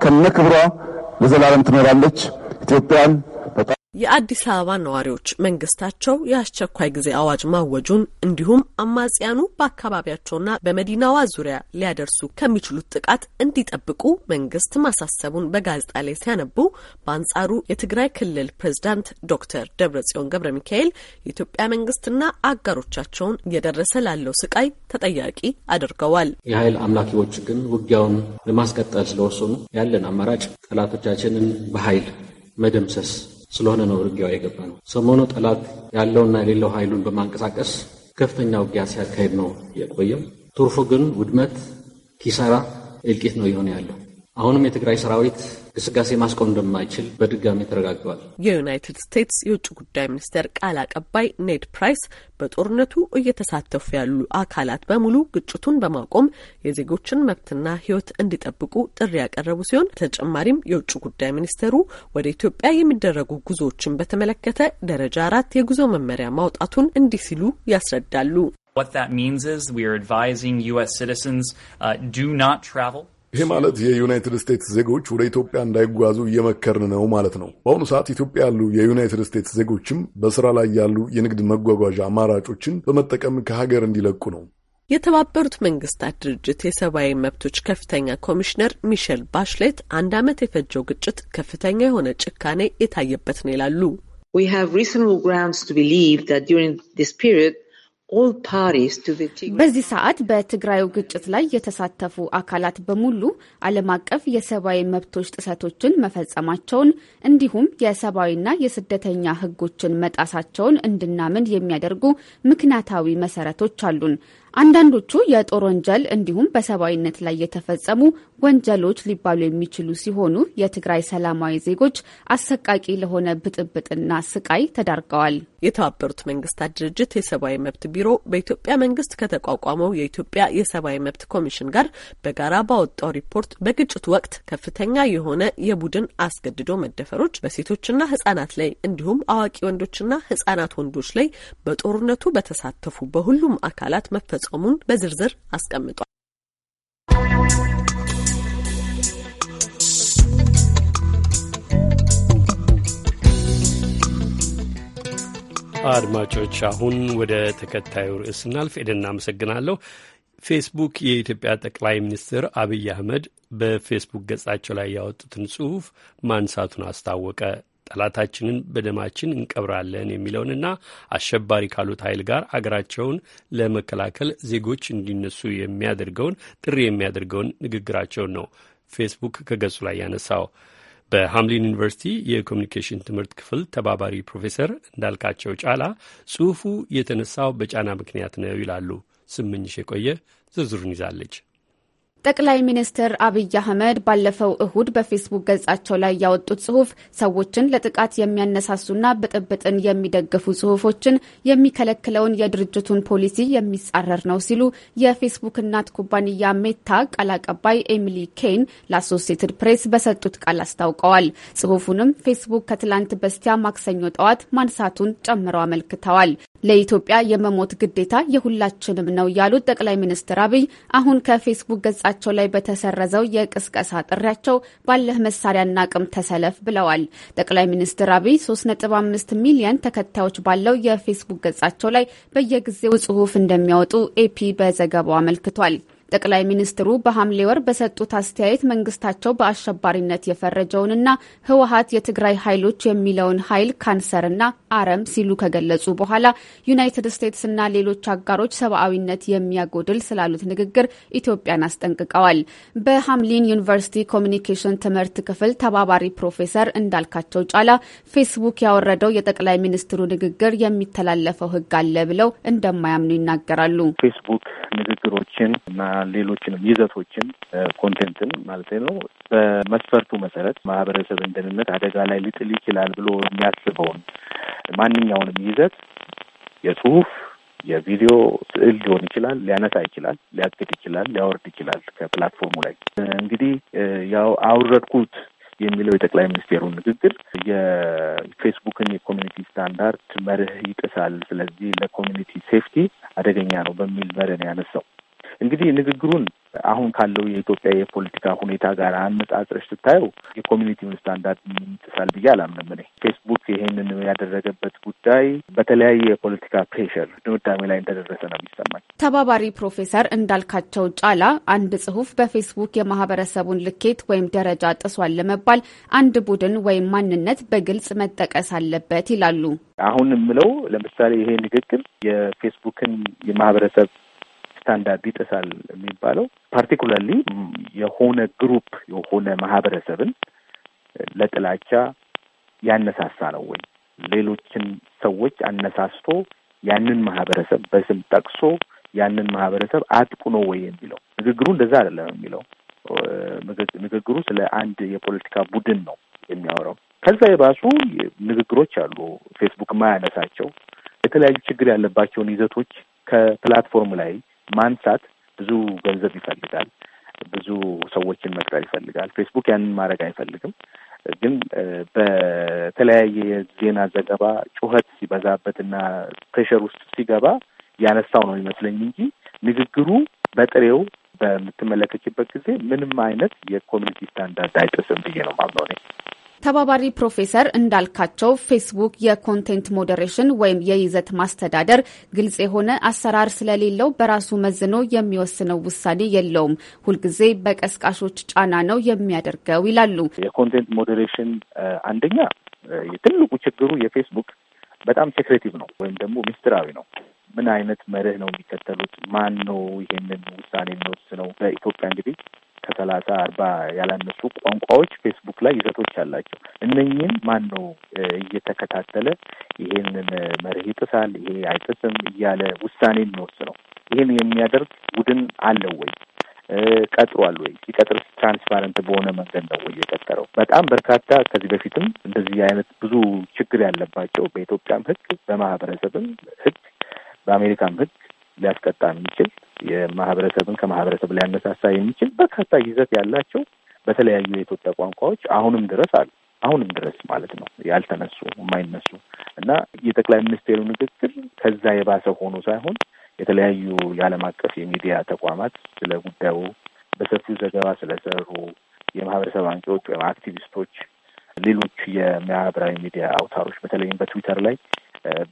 ከነክብሯ ለዘላለም ትኖራለች። ኢትዮጵያን የአዲስ አበባ ነዋሪዎች መንግስታቸው የአስቸኳይ ጊዜ አዋጅ ማወጁን እንዲሁም አማጽያኑ በአካባቢያቸውና በመዲናዋ ዙሪያ ሊያደርሱ ከሚችሉት ጥቃት እንዲጠብቁ መንግስት ማሳሰቡን በጋዜጣ ላይ ሲያነቡ፣ በአንጻሩ የትግራይ ክልል ፕሬዝዳንት ዶክተር ደብረጽዮን ገብረ ሚካኤል የኢትዮጵያ መንግስትና አጋሮቻቸውን እየደረሰ ላለው ስቃይ ተጠያቂ አድርገዋል። የኃይል አምላኪዎች ግን ውጊያውን ለማስቀጠል ስለወሰኑ ያለን አማራጭ ጠላቶቻችንን በኃይል መደምሰስ ስለሆነ ነው ውጊያው የገባ ነው። ሰሞኑ ጠላት ያለውና የሌለው ኃይሉን በማንቀሳቀስ ከፍተኛ ውጊያ ሲያካሄድ ነው የቆየው። ቱርፉ ግን ውድመት፣ ኪሳራ፣ እልቂት ነው የሆነ ያለው። አሁንም የትግራይ ሰራዊት ግስጋሴ ማስቆም እንደማይችል በድጋሚ ተረጋግጧል። የዩናይትድ ስቴትስ የውጭ ጉዳይ ሚኒስቴር ቃል አቀባይ ኔድ ፕራይስ በጦርነቱ እየተሳተፉ ያሉ አካላት በሙሉ ግጭቱን በማቆም የዜጎችን መብትና ሕይወት እንዲጠብቁ ጥሪ ያቀረቡ ሲሆን ተጨማሪም የውጭ ጉዳይ ሚኒስቴሩ ወደ ኢትዮጵያ የሚደረጉ ጉዞዎችን በተመለከተ ደረጃ አራት የጉዞ መመሪያ ማውጣቱን እንዲህ ሲሉ ያስረዳሉ። What that means is we are advising U.S. citizens uh, do not travel. ይሄ ማለት የዩናይትድ ስቴትስ ዜጎች ወደ ኢትዮጵያ እንዳይጓዙ እየመከርን ነው ማለት ነው። በአሁኑ ሰዓት ኢትዮጵያ ያሉ የዩናይትድ ስቴትስ ዜጎችም በስራ ላይ ያሉ የንግድ መጓጓዣ አማራጮችን በመጠቀም ከሀገር እንዲለቁ ነው። የተባበሩት መንግስታት ድርጅት የሰብአዊ መብቶች ከፍተኛ ኮሚሽነር ሚሸል ባሽሌት አንድ ዓመት የፈጀው ግጭት ከፍተኛ የሆነ ጭካኔ የታየበት ነው ይላሉ። We have reasonable grounds to believe that during this period በዚህ ሰዓት በትግራዩ ግጭት ላይ የተሳተፉ አካላት በሙሉ ዓለም አቀፍ የሰብአዊ መብቶች ጥሰቶችን መፈጸማቸውን እንዲሁም የሰብአዊና የስደተኛ ሕጎችን መጣሳቸውን እንድናምን የሚያደርጉ ምክንያታዊ መሰረቶች አሉን። አንዳንዶቹ የጦር ወንጀል እንዲሁም በሰብአዊነት ላይ የተፈጸሙ ወንጀሎች ሊባሉ የሚችሉ ሲሆኑ የትግራይ ሰላማዊ ዜጎች አሰቃቂ ለሆነ ብጥብጥና ስቃይ ተዳርገዋል። የተባበሩት መንግስታት ድርጅት የሰብአዊ መብት ቢሮ በኢትዮጵያ መንግስት ከተቋቋመው የኢትዮጵያ የሰብአዊ መብት ኮሚሽን ጋር በጋራ ባወጣው ሪፖርት በግጭቱ ወቅት ከፍተኛ የሆነ የቡድን አስገድዶ መደፈሮች በሴቶችና ህጻናት ላይ እንዲሁም አዋቂ ወንዶችና ህጻናት ወንዶች ላይ በጦርነቱ በተሳተፉ በሁሉም አካላት መፈጸሙን በዝርዝር አስቀምጧል። አድማጮች አሁን ወደ ተከታዩ ርዕስ ስናልፍ ኤደን እናመሰግናለሁ። ፌስቡክ የኢትዮጵያ ጠቅላይ ሚኒስትር አብይ አህመድ በፌስቡክ ገጻቸው ላይ ያወጡትን ጽሑፍ ማንሳቱን አስታወቀ። ጠላታችንን በደማችን እንቀብራለን የሚለውንና አሸባሪ ካሉት ኃይል ጋር አገራቸውን ለመከላከል ዜጎች እንዲነሱ የሚያደርገውን ጥሪ የሚያደርገውን ንግግራቸውን ነው ፌስቡክ ከገጹ ላይ ያነሳው። በሃምሊን ዩኒቨርሲቲ የኮሚኒኬሽን ትምህርት ክፍል ተባባሪ ፕሮፌሰር እንዳልካቸው ጫላ ጽሑፉ የተነሳው በጫና ምክንያት ነው ይላሉ። ስምኝሽ የቆየ ዝርዝሩን ይዛለች። ጠቅላይ ሚኒስትር አብይ አህመድ ባለፈው እሁድ በፌስቡክ ገጻቸው ላይ ያወጡት ጽሁፍ ሰዎችን ለጥቃት የሚያነሳሱና ብጥብጥን የሚደግፉ ጽሁፎችን የሚከለክለውን የድርጅቱን ፖሊሲ የሚጻረር ነው ሲሉ የፌስቡክ እናት ኩባንያ ሜታ ቃል አቀባይ ኤሚሊ ኬን ለአሶሴትድ ፕሬስ በሰጡት ቃል አስታውቀዋል። ጽሁፉንም ፌስቡክ ከትላንት በስቲያ ማክሰኞ ጠዋት ማንሳቱን ጨምረው አመልክተዋል። ለኢትዮጵያ የመሞት ግዴታ የሁላችንም ነው ያሉት ጠቅላይ ሚኒስትር አብይ አሁን ከፌስቡክ ገጻቸው ላይ በተሰረዘው የቅስቀሳ ጥሪያቸው ባለህ መሳሪያና አቅም ተሰለፍ ብለዋል። ጠቅላይ ሚኒስትር አብይ 3.5 ሚሊዮን ተከታዮች ባለው የፌስቡክ ገጻቸው ላይ በየጊዜው ጽሑፍ እንደሚያወጡ ኤፒ በዘገባው አመልክቷል። ጠቅላይ ሚኒስትሩ በሐምሌ ወር በሰጡት አስተያየት መንግስታቸው በአሸባሪነት የፈረጀውንና ህወሀት የትግራይ ኃይሎች የሚለውን ኃይል ካንሰርና አረም ሲሉ ከገለጹ በኋላ ዩናይትድ ስቴትስ እና ሌሎች አጋሮች ሰብአዊነት የሚያጎድል ስላሉት ንግግር ኢትዮጵያን አስጠንቅቀዋል። በሐምሊን ዩኒቨርሲቲ ኮሚኒኬሽን ትምህርት ክፍል ተባባሪ ፕሮፌሰር እንዳልካቸው ጫላ ፌስቡክ ያወረደው የጠቅላይ ሚኒስትሩ ንግግር የሚተላለፈው ህግ አለ ብለው እንደማያምኑ ይናገራሉ። ፌስቡክ ንግግሮችን ሌሎችንም ይዘቶችን ኮንቴንትን ማለት ነው በመስፈርቱ መሰረት ማህበረሰብን ደህንነት አደጋ ላይ ሊጥል ይችላል ብሎ የሚያስበውን ማንኛውንም ይዘት የጽሁፍ የቪዲዮ ስዕል ሊሆን ይችላል። ሊያነሳ ይችላል፣ ሊያግድ ይችላል፣ ሊያወርድ ይችላል ከፕላትፎርሙ ላይ። እንግዲህ ያው አወረድኩት የሚለው የጠቅላይ ሚኒስቴሩ ንግግር የፌስቡክን የኮሚኒቲ ስታንዳርድ መርህ ይጥሳል፣ ስለዚህ ለኮሚኒቲ ሴፍቲ አደገኛ ነው በሚል መርህ ነው ያነሳው። እንግዲህ ንግግሩን አሁን ካለው የኢትዮጵያ የፖለቲካ ሁኔታ ጋር አነጻጽረሽ ስታየው የኮሚኒቲውን ስታንዳርድ ይጥሳል ብዬ አላምንም። እኔ ፌስቡክ ይሄንን ያደረገበት ጉዳይ በተለያየ የፖለቲካ ፕሬሽር ድምዳሜ ላይ እንደደረሰ ነው የሚሰማኝ። ተባባሪ ፕሮፌሰር እንዳልካቸው ጫላ አንድ ጽሁፍ በፌስቡክ የማህበረሰቡን ልኬት ወይም ደረጃ ጥሷል ለመባል አንድ ቡድን ወይም ማንነት በግልጽ መጠቀስ አለበት ይላሉ። አሁን የምለው ለምሳሌ ይሄ ንግግር የፌስቡክን የማህበረሰብ ስታንዳርድ ይጥሳል የሚባለው ፓርቲኩላርሊ የሆነ ግሩፕ የሆነ ማህበረሰብን ለጥላቻ ያነሳሳ ነው ወይ ሌሎችን ሰዎች አነሳስቶ ያንን ማህበረሰብ በስም ጠቅሶ ያንን ማህበረሰብ አጥቁኖ ወይ የሚለው ንግግሩ እንደዛ አይደለም የሚለው ንግግሩ ስለ አንድ የፖለቲካ ቡድን ነው የሚያወራው። ከዛ የባሱ ንግግሮች አሉ። ፌስቡክ ማያነሳቸው የተለያዩ ችግር ያለባቸውን ይዘቶች ከፕላትፎርም ላይ ማንሳት ብዙ ገንዘብ ይፈልጋል። ብዙ ሰዎችን መቅጠር ይፈልጋል። ፌስቡክ ያንን ማድረግ አይፈልግም። ግን በተለያየ የዜና ዘገባ ጩኸት ሲበዛበትና ፕሬሸር ውስጥ ሲገባ ያነሳው ነው ይመስለኝ እንጂ ንግግሩ በጥሬው በምትመለከችበት ጊዜ ምንም አይነት የኮሚኒቲ ስታንዳርድ አይጥስም ብዬ ነው የማምነው እኔ። ተባባሪ ፕሮፌሰር እንዳልካቸው ፌስቡክ የኮንቴንት ሞዴሬሽን ወይም የይዘት ማስተዳደር ግልጽ የሆነ አሰራር ስለሌለው በራሱ መዝኖ የሚወስነው ውሳኔ የለውም፣ ሁልጊዜ በቀስቃሾች ጫና ነው የሚያደርገው ይላሉ። የኮንቴንት ሞዴሬሽን አንደኛ ትልቁ ችግሩ የፌስቡክ በጣም ሴክሬቲቭ ነው ወይም ደግሞ ምስጢራዊ ነው። ምን አይነት መርህ ነው የሚከተሉት? ማን ነው ይሄንን ውሳኔ የሚወስነው? በኢትዮጵያ እንግዲህ ከሰላሳ አርባ ያላነሱ ቋንቋዎች ፌስቡክ ላይ ይዘቶች አላቸው። እነኝህን ማን ነው እየተከታተለ ይሄንን መርህ ይጥሳል፣ ይሄ አይጥስም እያለ ውሳኔ የሚወስነው? ይህን የሚያደርግ ቡድን አለው ወይ? ቀጥሯል ወይ? ሲቀጥር ትራንስፓረንት በሆነ መንገድ ነው ወይ የቀጠረው? በጣም በርካታ ከዚህ በፊትም እንደዚህ አይነት ብዙ ችግር ያለባቸው በኢትዮጵያም ህግ በማህበረሰብም ህግ በአሜሪካም ህግ ሊያስቀጣ የሚችል የማህበረሰብን ከማህበረሰብ ሊያነሳሳ የሚችል በርካታ ይዘት ያላቸው በተለያዩ የኢትዮጵያ ቋንቋዎች አሁንም ድረስ አሉ። አሁንም ድረስ ማለት ነው ያልተነሱ የማይነሱ እና የጠቅላይ ሚኒስቴሩ ንግግር ከዛ የባሰ ሆኖ ሳይሆን የተለያዩ የዓለም አቀፍ የሚዲያ ተቋማት ስለ ጉዳዩ በሰፊው ዘገባ ስለሰሩ የማህበረሰብ አንቂዎች ወይም አክቲቪስቶች፣ ሌሎች የማህበራዊ ሚዲያ አውታሮች በተለይም በትዊተር ላይ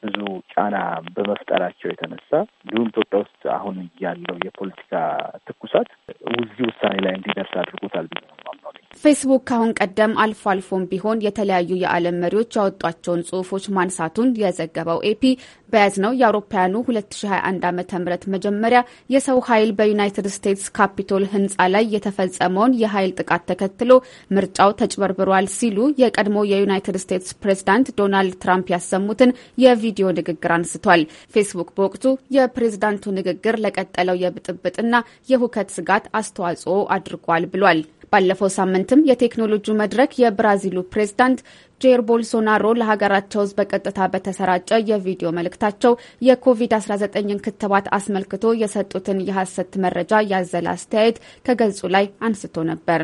ብዙ ጫና በመፍጠራቸው የተነሳ እንዲሁም ኢትዮጵያ ውስጥ አሁን ያለው የፖለቲካ ትኩሳት እዚህ ውሳኔ ላይ እንዲደርስ አድርጎታል ብዬ ነው ፌስቡክ ከአሁን ቀደም አልፎ አልፎም ቢሆን የተለያዩ የዓለም መሪዎች ያወጧቸውን ጽሁፎች ማንሳቱን የዘገበው ኤፒ በያዝነው የአውሮፓውያኑ 2021 ዓ ም መጀመሪያ የሰው ኃይል በዩናይትድ ስቴትስ ካፒቶል ህንፃ ላይ የተፈጸመውን የኃይል ጥቃት ተከትሎ ምርጫው ተጭበርብሯል ሲሉ የቀድሞ የዩናይትድ ስቴትስ ፕሬዝዳንት ዶናልድ ትራምፕ ያሰሙትን የቪዲዮ ንግግር አንስቷል። ፌስቡክ በወቅቱ የፕሬዝዳንቱ ንግግር ለቀጠለው የብጥብጥና የሁከት ስጋት አስተዋጽኦ አድርጓል ብሏል። ባለፈው ሳምንትም የቴክኖሎጂ መድረክ የብራዚሉ ፕሬዝዳንት ጄር ቦልሶናሮ ለሀገራቸው ውስጥ በቀጥታ በተሰራጨ የቪዲዮ መልእክታቸው የኮቪድ-19ን ክትባት አስመልክቶ የሰጡትን የሐሰት መረጃ ያዘለ አስተያየት ከገጹ ላይ አንስቶ ነበር።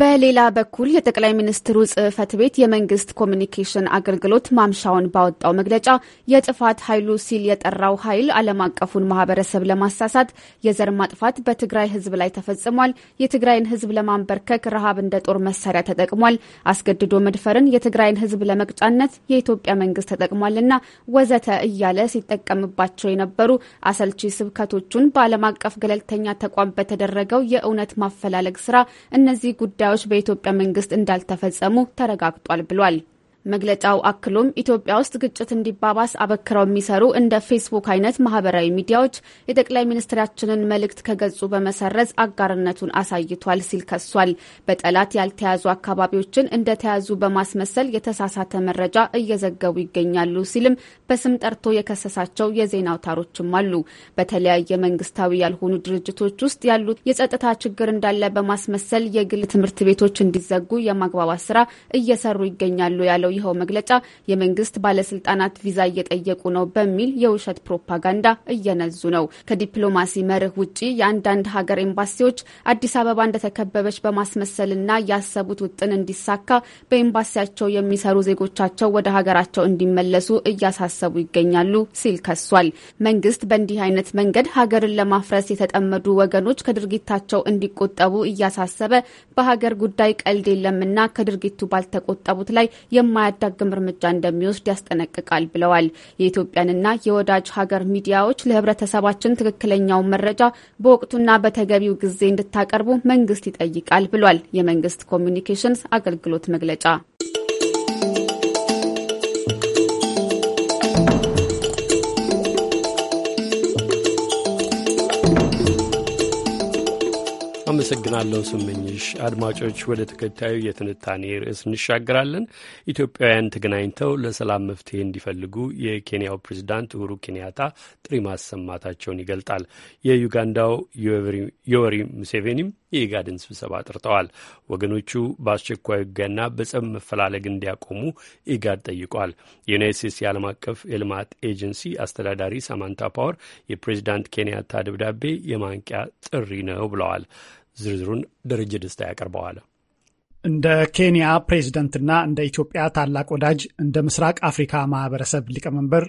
በሌላ በኩል የጠቅላይ ሚኒስትሩ ጽህፈት ቤት የመንግስት ኮሚኒኬሽን አገልግሎት ማምሻውን ባወጣው መግለጫ የጥፋት ኃይሉ ሲል የጠራው ኃይል ዓለም አቀፉን ማህበረሰብ ለማሳሳት የዘር ማጥፋት በትግራይ ህዝብ ላይ ተፈጽሟል፣ የትግራይን ህዝብ ለማንበርከክ ረሃብ እንደ ጦር መሳሪያ ተጠቅሟል፣ አስገድዶ መድፈርን የትግራይን ህዝብ ለመቅጫነት የኢትዮጵያ መንግስት ተጠቅሟልና ወዘተ እያለ ሲጠቀምባቸው የነበሩ አሰልቺ ስብከቶቹን በዓለም አቀፍ ገለልተኛ ተቋም በተደረገው የእውነት ማፈላለግ ስራ እነዚህ ጉዳ ጉዳዮች በኢትዮጵያ መንግስት እንዳልተፈጸሙ ተረጋግጧል ብሏል። መግለጫው አክሎም ኢትዮጵያ ውስጥ ግጭት እንዲባባስ አበክረው የሚሰሩ እንደ ፌስቡክ አይነት ማህበራዊ ሚዲያዎች የጠቅላይ ሚኒስትራችንን መልእክት ከገጹ በመሰረዝ አጋርነቱን አሳይቷል ሲል ከሷል። በጠላት ያልተያዙ አካባቢዎችን እንደተያዙ በማስመሰል የተሳሳተ መረጃ እየዘገቡ ይገኛሉ ሲልም በስም ጠርቶ የከሰሳቸው የዜና አውታሮችም አሉ። በተለያየ መንግስታዊ ያልሆኑ ድርጅቶች ውስጥ ያሉት የጸጥታ ችግር እንዳለ በማስመሰል የግል ትምህርት ቤቶች እንዲዘጉ የማግባባት ስራ እየሰሩ ይገኛሉ ያለው ያለው ይኸው መግለጫ የመንግስት ባለስልጣናት ቪዛ እየጠየቁ ነው በሚል የውሸት ፕሮፓጋንዳ እየነዙ ነው። ከዲፕሎማሲ መርህ ውጪ የአንዳንድ ሀገር ኤምባሲዎች አዲስ አበባ እንደተከበበች በማስመሰልና ያሰቡት ውጥን እንዲሳካ በኤምባሲያቸው የሚሰሩ ዜጎቻቸው ወደ ሀገራቸው እንዲመለሱ እያሳሰቡ ይገኛሉ ሲል ከሷል። መንግስት በእንዲህ አይነት መንገድ ሀገርን ለማፍረስ የተጠመዱ ወገኖች ከድርጊታቸው እንዲቆጠቡ እያሳሰበ በሀገር ጉዳይ ቀልድ የለምና ከድርጊቱ ባልተቆጠቡት ላይ የማ የማያዳግም እርምጃ እንደሚወስድ ያስጠነቅቃል ብለዋል። የኢትዮጵያንና የወዳጅ ሀገር ሚዲያዎች ለህብረተሰባችን ትክክለኛውን መረጃ በወቅቱና በተገቢው ጊዜ እንድታቀርቡ መንግስት ይጠይቃል ብሏል የመንግስት ኮሚዩኒኬሽንስ አገልግሎት መግለጫ አመሰግናለሁ ስምኝሽ። አድማጮች ወደ ተከታዩ የትንታኔ ርዕስ እንሻገራለን። ኢትዮጵያውያን ተገናኝተው ለሰላም መፍትሄ እንዲፈልጉ የኬንያው ፕሬዚዳንት ኡሁሩ ኬንያታ ጥሪ ማሰማታቸውን ይገልጣል። የዩጋንዳው ዮወሪ ሙሴቬኒም የኢጋድን ስብሰባ ጠርተዋል። ወገኖቹ በአስቸኳይ ውጊያና በጸብ መፈላለግ እንዲያቆሙ ኢጋድ ጠይቋል። የዩናይት ስቴትስ የዓለም አቀፍ የልማት ኤጀንሲ አስተዳዳሪ ሳማንታ ፓወር የፕሬዚዳንት ኬንያታ ደብዳቤ የማንቂያ ጥሪ ነው ብለዋል። ዝርዝሩን ደረጀ ደስታ ያቀርበዋል። እንደ ኬንያ ፕሬዚደንትና እንደ ኢትዮጵያ ታላቅ ወዳጅ እንደ ምስራቅ አፍሪካ ማህበረሰብ ሊቀመንበር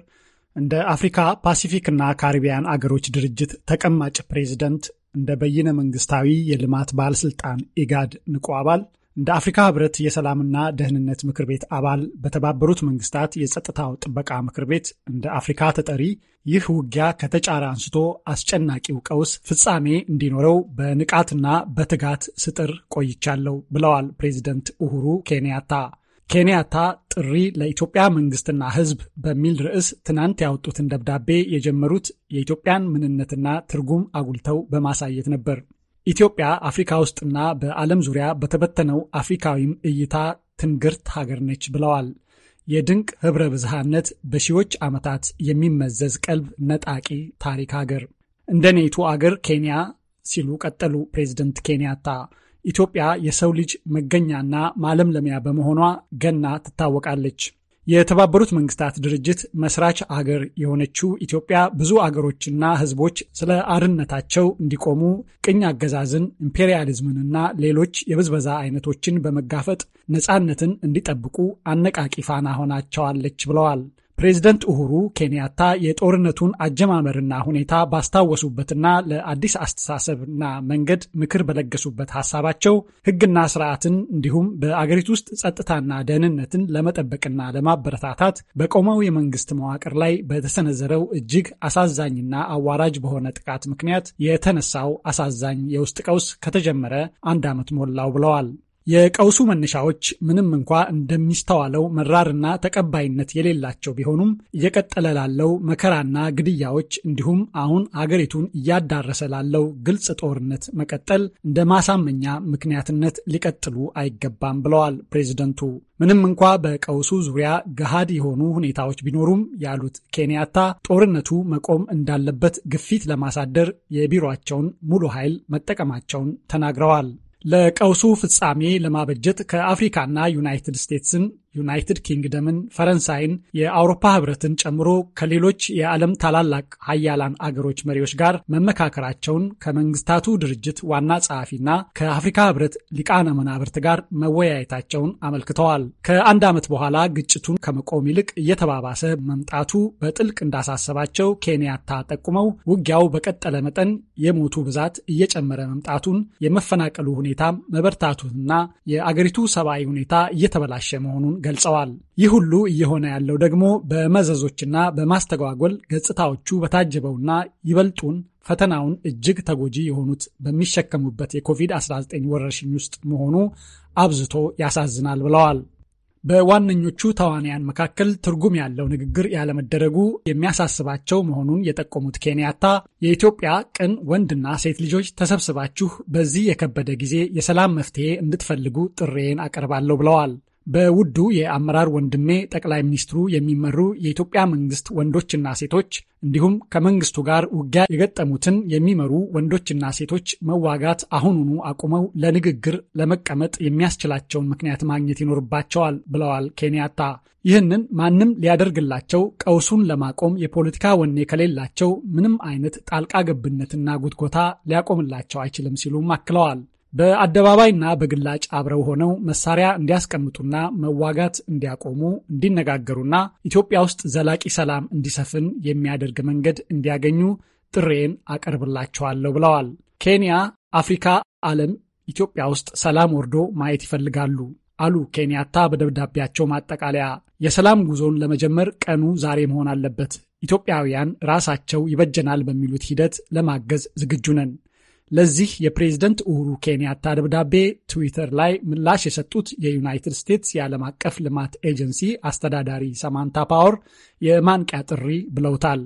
እንደ አፍሪካ ፓሲፊክና ካሪቢያን አገሮች ድርጅት ተቀማጭ ፕሬዚደንት እንደ በይነ መንግስታዊ የልማት ባለስልጣን ኢጋድ ንቁ አባል እንደ አፍሪካ ህብረት የሰላምና ደህንነት ምክር ቤት አባል በተባበሩት መንግስታት የጸጥታው ጥበቃ ምክር ቤት እንደ አፍሪካ ተጠሪ ይህ ውጊያ ከተጫረ አንስቶ አስጨናቂው ቀውስ ፍጻሜ እንዲኖረው በንቃትና በትጋት ስጥር ቆይቻለሁ ብለዋል ፕሬዚደንት ኡሁሩ ኬንያታ። ኬንያታ ጥሪ ለኢትዮጵያ መንግስትና ህዝብ በሚል ርዕስ ትናንት ያወጡትን ደብዳቤ የጀመሩት የኢትዮጵያን ምንነትና ትርጉም አጉልተው በማሳየት ነበር። ኢትዮጵያ አፍሪካ ውስጥና በዓለም ዙሪያ በተበተነው አፍሪካዊም እይታ ትንግርት ሀገር ነች ብለዋል። የድንቅ ኅብረ ብዝሃነት በሺዎች ዓመታት የሚመዘዝ ቀልብ ነጣቂ ታሪክ ሀገር እንደ ኔቱ አገር ኬንያ ሲሉ ቀጠሉ ፕሬዚደንት ኬንያታ። ኢትዮጵያ የሰው ልጅ መገኛና ማለምለሚያ በመሆኗ ገና ትታወቃለች። የተባበሩት መንግስታት ድርጅት መስራች አገር የሆነችው ኢትዮጵያ ብዙ አገሮችና ህዝቦች ስለ አርነታቸው እንዲቆሙ ቅኝ አገዛዝን፣ ኢምፔሪያሊዝምንና ሌሎች የብዝበዛ አይነቶችን በመጋፈጥ ነፃነትን እንዲጠብቁ አነቃቂ ፋና ሆናቸዋለች ብለዋል። ፕሬዝደንት ኡሁሩ ኬንያታ የጦርነቱን አጀማመርና ሁኔታ ባስታወሱበትና ለአዲስ አስተሳሰብና መንገድ ምክር በለገሱበት ሀሳባቸው ሕግና ስርዓትን እንዲሁም በአገሪቱ ውስጥ ጸጥታና ደህንነትን ለመጠበቅና ለማበረታታት በቆመው የመንግስት መዋቅር ላይ በተሰነዘረው እጅግ አሳዛኝና አዋራጅ በሆነ ጥቃት ምክንያት የተነሳው አሳዛኝ የውስጥ ቀውስ ከተጀመረ አንድ ዓመት ሞላው ብለዋል። የቀውሱ መነሻዎች ምንም እንኳ እንደሚስተዋለው መራርና ተቀባይነት የሌላቸው ቢሆኑም እየቀጠለ ላለው መከራና ግድያዎች እንዲሁም አሁን አገሪቱን እያዳረሰ ላለው ግልጽ ጦርነት መቀጠል እንደ ማሳመኛ ምክንያትነት ሊቀጥሉ አይገባም ብለዋል ፕሬዝደንቱ። ምንም እንኳ በቀውሱ ዙሪያ ገሃድ የሆኑ ሁኔታዎች ቢኖሩም ያሉት ኬንያታ ጦርነቱ መቆም እንዳለበት ግፊት ለማሳደር የቢሮቸውን ሙሉ ኃይል መጠቀማቸውን ተናግረዋል። ለቀውሱ ፍጻሜ ለማበጀት ከአፍሪካና ዩናይትድ ስቴትስን ዩናይትድ ኪንግደምን፣ ፈረንሳይን፣ የአውሮፓ ህብረትን ጨምሮ ከሌሎች የዓለም ታላላቅ ሀያላን አገሮች መሪዎች ጋር መመካከራቸውን ከመንግስታቱ ድርጅት ዋና ጸሐፊና ከአፍሪካ ህብረት ሊቃነ መናብርት ጋር መወያየታቸውን አመልክተዋል። ከአንድ ዓመት በኋላ ግጭቱን ከመቆም ይልቅ እየተባባሰ መምጣቱ በጥልቅ እንዳሳሰባቸው ኬንያታ ጠቁመው ውጊያው በቀጠለ መጠን የሞቱ ብዛት እየጨመረ መምጣቱን የመፈናቀሉ ሁኔታ መበርታቱንና የአገሪቱ ሰብአዊ ሁኔታ እየተበላሸ መሆኑን ገልጸዋል። ይህ ሁሉ እየሆነ ያለው ደግሞ በመዘዞችና በማስተጓጎል ገጽታዎቹ በታጀበውና ይበልጡን ፈተናውን እጅግ ተጎጂ የሆኑት በሚሸከሙበት የኮቪድ-19 ወረርሽኝ ውስጥ መሆኑ አብዝቶ ያሳዝናል ብለዋል። በዋነኞቹ ተዋንያን መካከል ትርጉም ያለው ንግግር ያለመደረጉ የሚያሳስባቸው መሆኑን የጠቆሙት ኬንያታ የኢትዮጵያ ቅን ወንድና ሴት ልጆች ተሰብስባችሁ በዚህ የከበደ ጊዜ የሰላም መፍትሄ እንድትፈልጉ ጥሬን አቀርባለሁ ብለዋል። በውዱ የአመራር ወንድሜ ጠቅላይ ሚኒስትሩ የሚመሩ የኢትዮጵያ መንግስት ወንዶችና ሴቶች እንዲሁም ከመንግስቱ ጋር ውጊያ የገጠሙትን የሚመሩ ወንዶችና ሴቶች መዋጋት አሁኑኑ አቁመው ለንግግር ለመቀመጥ የሚያስችላቸውን ምክንያት ማግኘት ይኖርባቸዋል ብለዋል ኬንያታ። ይህንን ማንም ሊያደርግላቸው ቀውሱን ለማቆም የፖለቲካ ወኔ ከሌላቸው ምንም አይነት ጣልቃ ገብነትና ጉትጎታ ሊያቆምላቸው አይችልም ሲሉም አክለዋል። በአደባባይና በግላጭ አብረው ሆነው መሳሪያ እንዲያስቀምጡና መዋጋት እንዲያቆሙ እንዲነጋገሩና ኢትዮጵያ ውስጥ ዘላቂ ሰላም እንዲሰፍን የሚያደርግ መንገድ እንዲያገኙ ጥሬን አቀርብላቸዋለሁ ብለዋል። ኬንያ፣ አፍሪካ፣ ዓለም ኢትዮጵያ ውስጥ ሰላም ወርዶ ማየት ይፈልጋሉ አሉ ኬንያታ በደብዳቤያቸው ማጠቃለያ። የሰላም ጉዞን ለመጀመር ቀኑ ዛሬ መሆን አለበት። ኢትዮጵያውያን ራሳቸው ይበጀናል በሚሉት ሂደት ለማገዝ ዝግጁ ነን። ለዚህ የፕሬዝደንት ኡሁሩ ኬንያታ ደብዳቤ ትዊተር ላይ ምላሽ የሰጡት የዩናይትድ ስቴትስ የዓለም አቀፍ ልማት ኤጀንሲ አስተዳዳሪ ሰማንታ ፓወር የማንቂያ ጥሪ ብለውታል።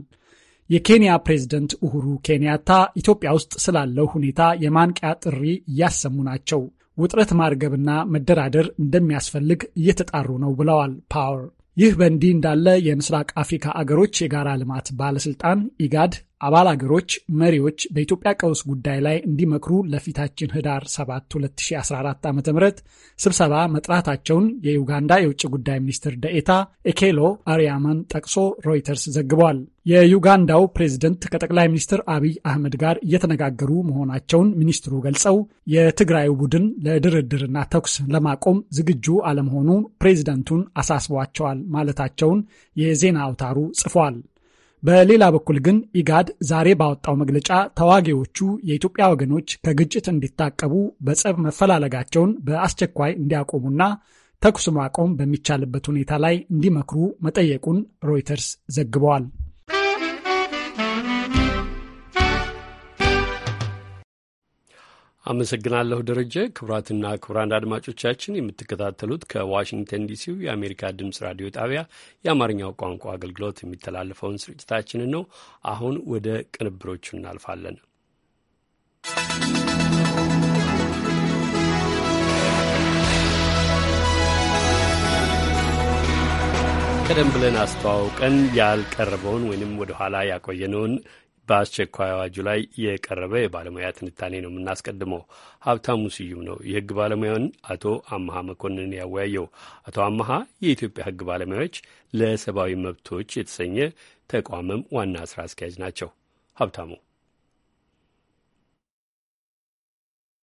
የኬንያ ፕሬዝደንት ኡሁሩ ኬንያታ ኢትዮጵያ ውስጥ ስላለው ሁኔታ የማንቂያ ጥሪ እያሰሙ ናቸው። ውጥረት ማርገብና መደራደር እንደሚያስፈልግ እየተጣሩ ነው ብለዋል ፓወር። ይህ በእንዲህ እንዳለ የምስራቅ አፍሪካ አገሮች የጋራ ልማት ባለስልጣን ኢጋድ አባል አገሮች መሪዎች በኢትዮጵያ ቀውስ ጉዳይ ላይ እንዲመክሩ ለፊታችን ህዳር 7 2014 ዓ ም ስብሰባ መጥራታቸውን የዩጋንዳ የውጭ ጉዳይ ሚኒስትር ደኤታ ኤኬሎ አሪያማን ጠቅሶ ሮይተርስ ዘግቧል። የዩጋንዳው ፕሬዝደንት ከጠቅላይ ሚኒስትር አብይ አህመድ ጋር እየተነጋገሩ መሆናቸውን ሚኒስትሩ ገልጸው የትግራዩ ቡድን ለድርድርና ተኩስ ለማቆም ዝግጁ አለመሆኑ ፕሬዝደንቱን አሳስቧቸዋል ማለታቸውን የዜና አውታሩ ጽፏል። በሌላ በኩል ግን ኢጋድ ዛሬ ባወጣው መግለጫ ተዋጊዎቹ የኢትዮጵያ ወገኖች ከግጭት እንዲታቀቡ በጸብ መፈላለጋቸውን በአስቸኳይ እንዲያቆሙና ተኩስ ማቆም በሚቻልበት ሁኔታ ላይ እንዲመክሩ መጠየቁን ሮይተርስ ዘግበዋል። አመሰግናለሁ ደረጀ። ክቡራትና ክቡራን አድማጮቻችን የምትከታተሉት ከዋሽንግተን ዲሲው የአሜሪካ ድምፅ ራዲዮ ጣቢያ የአማርኛው ቋንቋ አገልግሎት የሚተላለፈውን ስርጭታችንን ነው። አሁን ወደ ቅንብሮቹ እናልፋለን። ቀደም ብለን አስተዋውቀን ያልቀረበውን ወይንም ወደኋላ ያቆየነውን በአስቸኳይ አዋጁ ላይ የቀረበ የባለሙያ ትንታኔ ነው የምናስቀድመው። ሀብታሙ ስዩም ነው የህግ ባለሙያን አቶ አመሀ መኮንን ያወያየው። አቶ አመሀ የኢትዮጵያ ህግ ባለሙያዎች ለሰብአዊ መብቶች የተሰኘ ተቋምም ዋና ስራ አስኪያጅ ናቸው። ሀብታሙ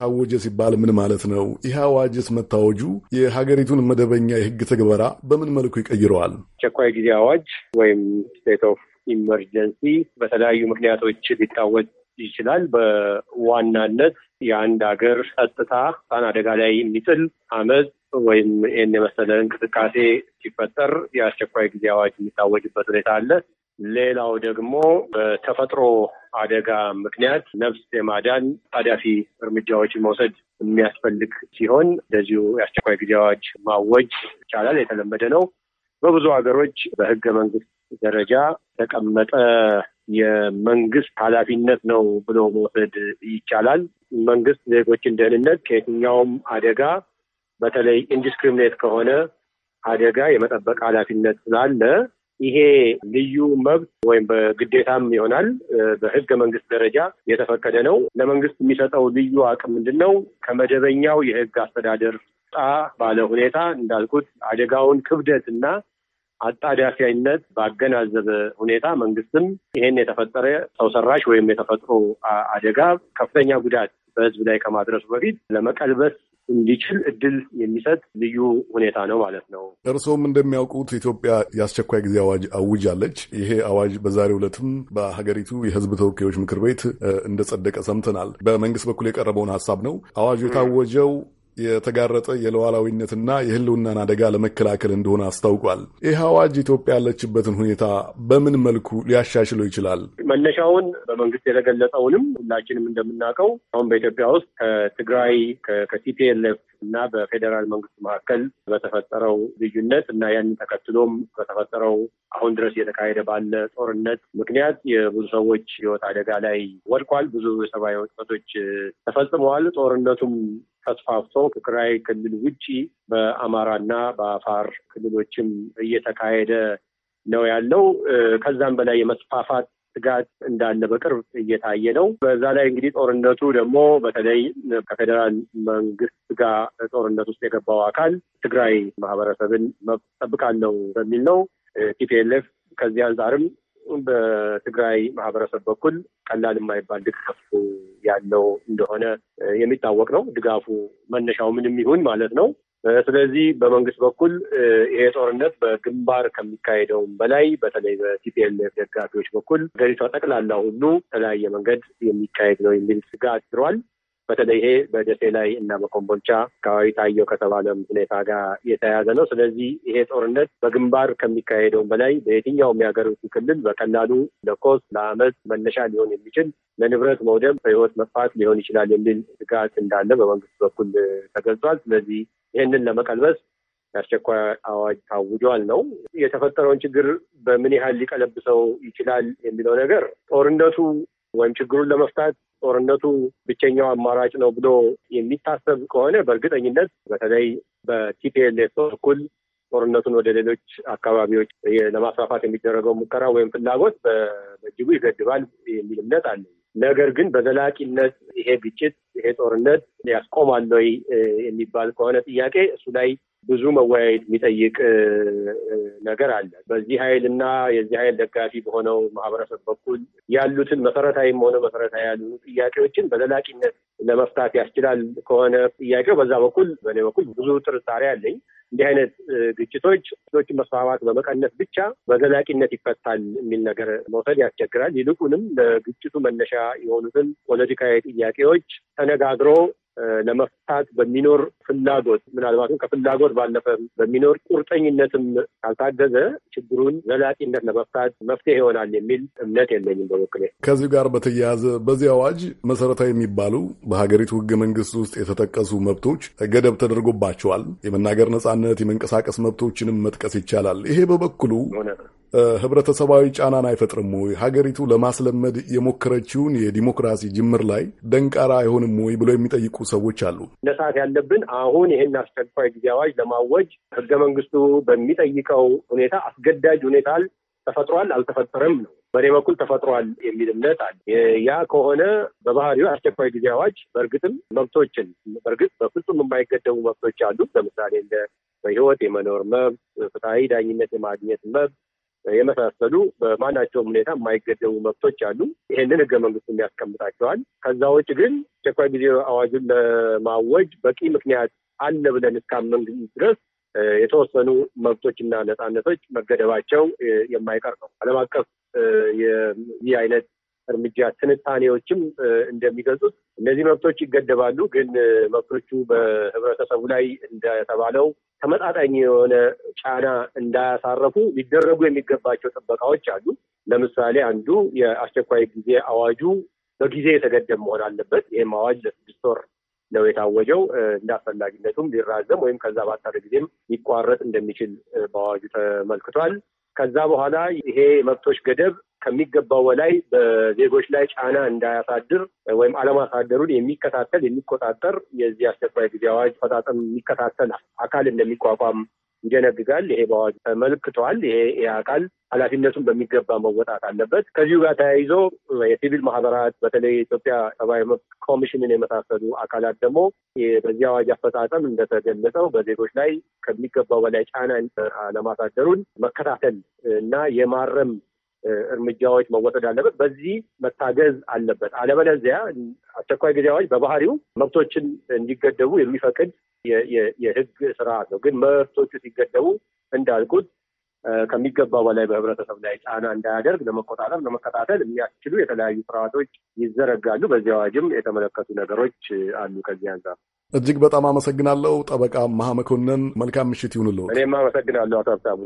አወጀ ሲባል ምን ማለት ነው? ይህ አዋጅስ መታወጁ የሀገሪቱን መደበኛ የህግ ትግበራ በምን መልኩ ይቀይረዋል? አስቸኳይ ጊዜ አዋጅ ወይም ስቴት ኦፍ ኢመርጀንሲ በተለያዩ ምክንያቶች ሊታወጅ ይችላል። በዋናነት የአንድ ሀገር ጸጥታ ሳን አደጋ ላይ የሚጥል አመፅ ወይም ይህን የመሰለ እንቅስቃሴ ሲፈጠር የአስቸኳይ ጊዜ አዋጅ የሚታወጅበት ሁኔታ አለ። ሌላው ደግሞ በተፈጥሮ አደጋ ምክንያት ነፍስ የማዳን አዳፊ እርምጃዎችን መውሰድ የሚያስፈልግ ሲሆን እንደዚሁ የአስቸኳይ ጊዜ አዋጅ ማወጅ ይቻላል። የተለመደ ነው። በብዙ ሀገሮች በህገ መንግስት ደረጃ ተቀመጠ የመንግስት ኃላፊነት ነው ብሎ መውሰድ ይቻላል። መንግስት ዜጎችን ደህንነት ከየትኛውም አደጋ በተለይ ኢንዲስክሪሚኔት ከሆነ አደጋ የመጠበቅ ኃላፊነት ስላለ ይሄ ልዩ መብት ወይም በግዴታም ይሆናል በህገ መንግስት ደረጃ የተፈቀደ ነው። ለመንግስት የሚሰጠው ልዩ አቅም ምንድን ነው? ከመደበኛው የህግ አስተዳደር ጣ ባለ ሁኔታ እንዳልኩት አደጋውን ክብደት እና አጣዳፊያነት ባገናዘበ ሁኔታ መንግስትም ይሄን የተፈጠረ ሰው ሰራሽ ወይም የተፈጥሮ አደጋ ከፍተኛ ጉዳት በህዝብ ላይ ከማድረሱ በፊት ለመቀልበስ እንዲችል እድል የሚሰጥ ልዩ ሁኔታ ነው ማለት ነው። እርስዎም እንደሚያውቁት ኢትዮጵያ የአስቸኳይ ጊዜ አዋጅ አውጃለች። ይሄ አዋጅ በዛሬው ዕለትም በሀገሪቱ የህዝብ ተወካዮች ምክር ቤት እንደጸደቀ ሰምተናል። በመንግስት በኩል የቀረበውን ሀሳብ ነው። አዋጁ የታወጀው የተጋረጠ የሉዓላዊነትና የህልውናን አደጋ ለመከላከል እንደሆነ አስታውቋል። ይህ አዋጅ ኢትዮጵያ ያለችበትን ሁኔታ በምን መልኩ ሊያሻሽለው ይችላል? መነሻውን በመንግስት የተገለጸውንም ሁላችንም እንደምናውቀው አሁን በኢትዮጵያ ውስጥ ከትግራይ ከቲፒኤልኤፍ እና በፌዴራል መንግስት መካከል በተፈጠረው ልዩነት እና ያንን ተከትሎም በተፈጠረው አሁን ድረስ እየተካሄደ ባለ ጦርነት ምክንያት የብዙ ሰዎች ህይወት አደጋ ላይ ወድቋል። ብዙ የሰብአዊ ጥሰቶች ተፈጽመዋል። ጦርነቱም ተስፋፍቶ ከትግራይ ክልል ውጭ በአማራና በአፋር ክልሎችም እየተካሄደ ነው ያለው። ከዛም በላይ የመስፋፋት ስጋት እንዳለ በቅርብ እየታየ ነው። በዛ ላይ እንግዲህ ጦርነቱ ደግሞ በተለይ ከፌዴራል መንግስት ጋር ጦርነት ውስጥ የገባው አካል ትግራይ ማህበረሰብን መብት ጠብቃለው በሚል ነው። ቲፒኤልኤፍ ከዚህ አንጻርም በትግራይ ማህበረሰብ በኩል ቀላል የማይባል ድጋፍ ያለው እንደሆነ የሚታወቅ ነው። ድጋፉ መነሻው ምንም ይሁን ማለት ነው ስለዚህ በመንግስት በኩል ይሄ ጦርነት በግንባር ከሚካሄደውም በላይ በተለይ በቲፒኤልኤፍ ደጋፊዎች በኩል ሀገሪቷ ጠቅላላ ሁሉ በተለያየ መንገድ የሚካሄድ ነው የሚል ስጋት አድሯል። በተለይ ይሄ በደሴ ላይ እና በኮምቦልቻ አካባቢ ታየው ከተባለም ሁኔታ ጋር የተያያዘ ነው። ስለዚህ ይሄ ጦርነት በግንባር ከሚካሄደውም በላይ በየትኛውም የሀገሪቱ ክልል በቀላሉ ለኮስ ለአመት መነሻ ሊሆን የሚችል ለንብረት መውደም፣ በህይወት መጥፋት ሊሆን ይችላል የሚል ስጋት እንዳለ በመንግስት በኩል ተገልጿል። ስለዚህ ይህንን ለመቀልበስ የአስቸኳይ አዋጅ ታውጇል ነው። የተፈጠረውን ችግር በምን ያህል ሊቀለብሰው ይችላል የሚለው ነገር ጦርነቱ ወይም ችግሩን ለመፍታት ጦርነቱ ብቸኛው አማራጭ ነው ብሎ የሚታሰብ ከሆነ በእርግጠኝነት በተለይ በቲፒኤልኤፍ በኩል ጦርነቱን ወደ ሌሎች አካባቢዎች ለማስፋፋት የሚደረገው ሙከራ ወይም ፍላጎት በእጅጉ ይገድባል የሚል እምነት አለ። ነገር ግን በዘላቂነት ይሄ ግጭት ይሄ ጦርነት ያስቆማል ወይ የሚባል ከሆነ ጥያቄ እሱ ላይ ብዙ መወያየት የሚጠይቅ ነገር አለ። በዚህ ኃይልና እና የዚህ ኃይል ደጋፊ በሆነው ማህበረሰብ በኩል ያሉትን መሰረታዊም ሆነ መሰረታዊ ያሉ ጥያቄዎችን በዘላቂነት ለመፍታት ያስችላል ከሆነ ጥያቄው በዛ በኩል በእኔ በኩል ብዙ ጥርጣሬ አለኝ። እንዲህ አይነት ግጭቶች ግጭቶችን መስፋፋት በመቀነስ ብቻ በዘላቂነት ይፈታል የሚል ነገር መውሰድ ያስቸግራል። ይልቁንም ለግጭቱ መነሻ የሆኑትን ፖለቲካዊ ጥያቄዎች ተነጋግሮ ለመፍታት በሚኖር ፍላጎት ምናልባትም ከፍላጎት ባለፈ በሚኖር ቁርጠኝነትም ካልታገዘ ችግሩን ዘላቂነት ለመፍታት መፍትሄ ይሆናል የሚል እምነት የለኝም በበኩሌ። ከዚሁ ጋር በተያያዘ በዚህ አዋጅ መሰረታዊ የሚባሉ በሀገሪቱ ህገ መንግስት ውስጥ የተጠቀሱ መብቶች ገደብ ተደርጎባቸዋል። የመናገር ነጻነት፣ የመንቀሳቀስ መብቶችንም መጥቀስ ይቻላል። ይሄ በበኩሉ ህብረተሰባዊ ጫናን አይፈጥርም ወይ? ሀገሪቱ ለማስለመድ የሞከረችውን የዲሞክራሲ ጅምር ላይ ደንቃራ አይሆንም ወይ ብሎ የሚጠይቁ የላኩ ሰዎች አሉ። ነሳት ያለብን አሁን ይህን አስቸኳይ ጊዜ አዋጅ ለማወጅ ህገ መንግስቱ በሚጠይቀው ሁኔታ አስገዳጅ ሁኔታ ተፈጥሯል አልተፈጠረም ነው። በእኔ በኩል ተፈጥሯል የሚል እምነት አለ። ያ ከሆነ በባህሪው አስቸኳይ ጊዜ አዋጅ በእርግጥም መብቶችን በእርግጥ በፍጹም የማይገደቡ መብቶች አሉ። ለምሳሌ እንደ በህይወት የመኖር መብት፣ ፍትሐዊ ዳኝነት የማግኘት መብት የመሳሰሉ በማናቸውም ሁኔታ የማይገደቡ መብቶች አሉ። ይህንን ህገ መንግስቱ የሚያስቀምጣቸዋል። ከዛ ውጭ ግን አስቸኳይ ጊዜ አዋጁን ለማወጅ በቂ ምክንያት አለ ብለን እስካመን ድረስ የተወሰኑ መብቶችና ነፃነቶች መገደባቸው የማይቀር ነው። ዓለም አቀፍ ይህ አይነት እርምጃ ትንታኔዎችም እንደሚገልጹት እነዚህ መብቶች ይገደባሉ፣ ግን መብቶቹ በህብረተሰቡ ላይ እንደተባለው ተመጣጣኝ የሆነ ጫና እንዳያሳረፉ ሊደረጉ የሚገባቸው ጥበቃዎች አሉ። ለምሳሌ አንዱ የአስቸኳይ ጊዜ አዋጁ በጊዜ የተገደበ መሆን አለበት። ይህም አዋጅ ለስድስት ወር ነው የታወጀው። እንደ አስፈላጊነቱም ሊራዘም ወይም ከዛ ባጠረ ጊዜም ሊቋረጥ እንደሚችል በአዋጁ ተመልክቷል። ከዛ በኋላ ይሄ የመብቶች ገደብ ከሚገባው በላይ በዜጎች ላይ ጫና እንዳያሳድር ወይም አለማሳደሩን የሚከታተል የሚቆጣጠር የዚህ አስቸኳይ ጊዜ አዋጅ አፈጻጸም የሚከታተል አካል እንደሚቋቋም ይደነግጋል። ይሄ በአዋጅ ተመልክተዋል። ይሄ አካል ኃላፊነቱን በሚገባ መወጣት አለበት። ከዚሁ ጋር ተያይዞ የሲቪል ማህበራት በተለይ የኢትዮጵያ ሰብአዊ መብት ኮሚሽንን የመሳሰሉ አካላት ደግሞ በዚህ አዋጅ አፈጻጸም እንደተገለጸው በዜጎች ላይ ከሚገባው በላይ ጫና ለማሳደሩን መከታተል እና የማረም እርምጃዎች መወሰድ አለበት። በዚህ መታገዝ አለበት። አለበለዚያ አስቸኳይ ጊዜ አዋጅ በባህሪው መብቶችን እንዲገደቡ የሚፈቅድ የህግ ስርዓት ነው። ግን መብቶቹ ሲገደቡ እንዳልኩት ከሚገባው በላይ በህብረተሰብ ላይ ጫና እንዳያደርግ ለመቆጣጠር ለመከታተል የሚያስችሉ የተለያዩ ስርዓቶች ይዘረጋሉ። በዚህ አዋጅም የተመለከቱ ነገሮች አሉ። ከዚህ አንጻር እጅግ በጣም አመሰግናለሁ ጠበቃ መሀመኮንን መልካም ምሽት ይሁንልዎት። እኔም አመሰግናለሁ አቶ ሀብታሙ።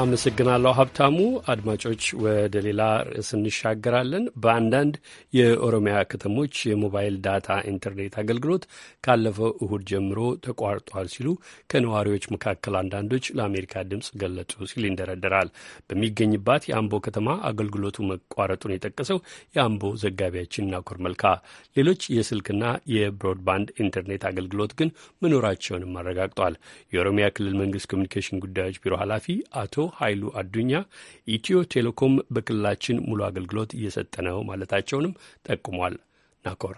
አመሰግናለሁ ሀብታሙ። አድማጮች ወደ ሌላ ርዕስ እንሻገራለን። በአንዳንድ የኦሮሚያ ከተሞች የሞባይል ዳታ ኢንተርኔት አገልግሎት ካለፈው እሁድ ጀምሮ ተቋርጧል ሲሉ ከነዋሪዎች መካከል አንዳንዶች ለአሜሪካ ድምፅ ገለጹ ሲል ይንደረደራል። በሚገኝባት የአምቦ ከተማ አገልግሎቱ መቋረጡን የጠቀሰው የአምቦ ዘጋቢያችን ናኮር መልካ ሌሎች የስልክና የብሮድባንድ ኢንተርኔት አገልግሎት ግን መኖራቸውንም አረጋግጧል። የኦሮሚያ ክልል መንግስት ኮሚኒኬሽን ጉዳዮች ቢሮ ኃላፊ አቶ ኃይሉ አዱኛ ኢትዮ ቴሌኮም በክልላችን ሙሉ አገልግሎት እየሰጠ ነው ማለታቸውንም ጠቁሟል። ናኮር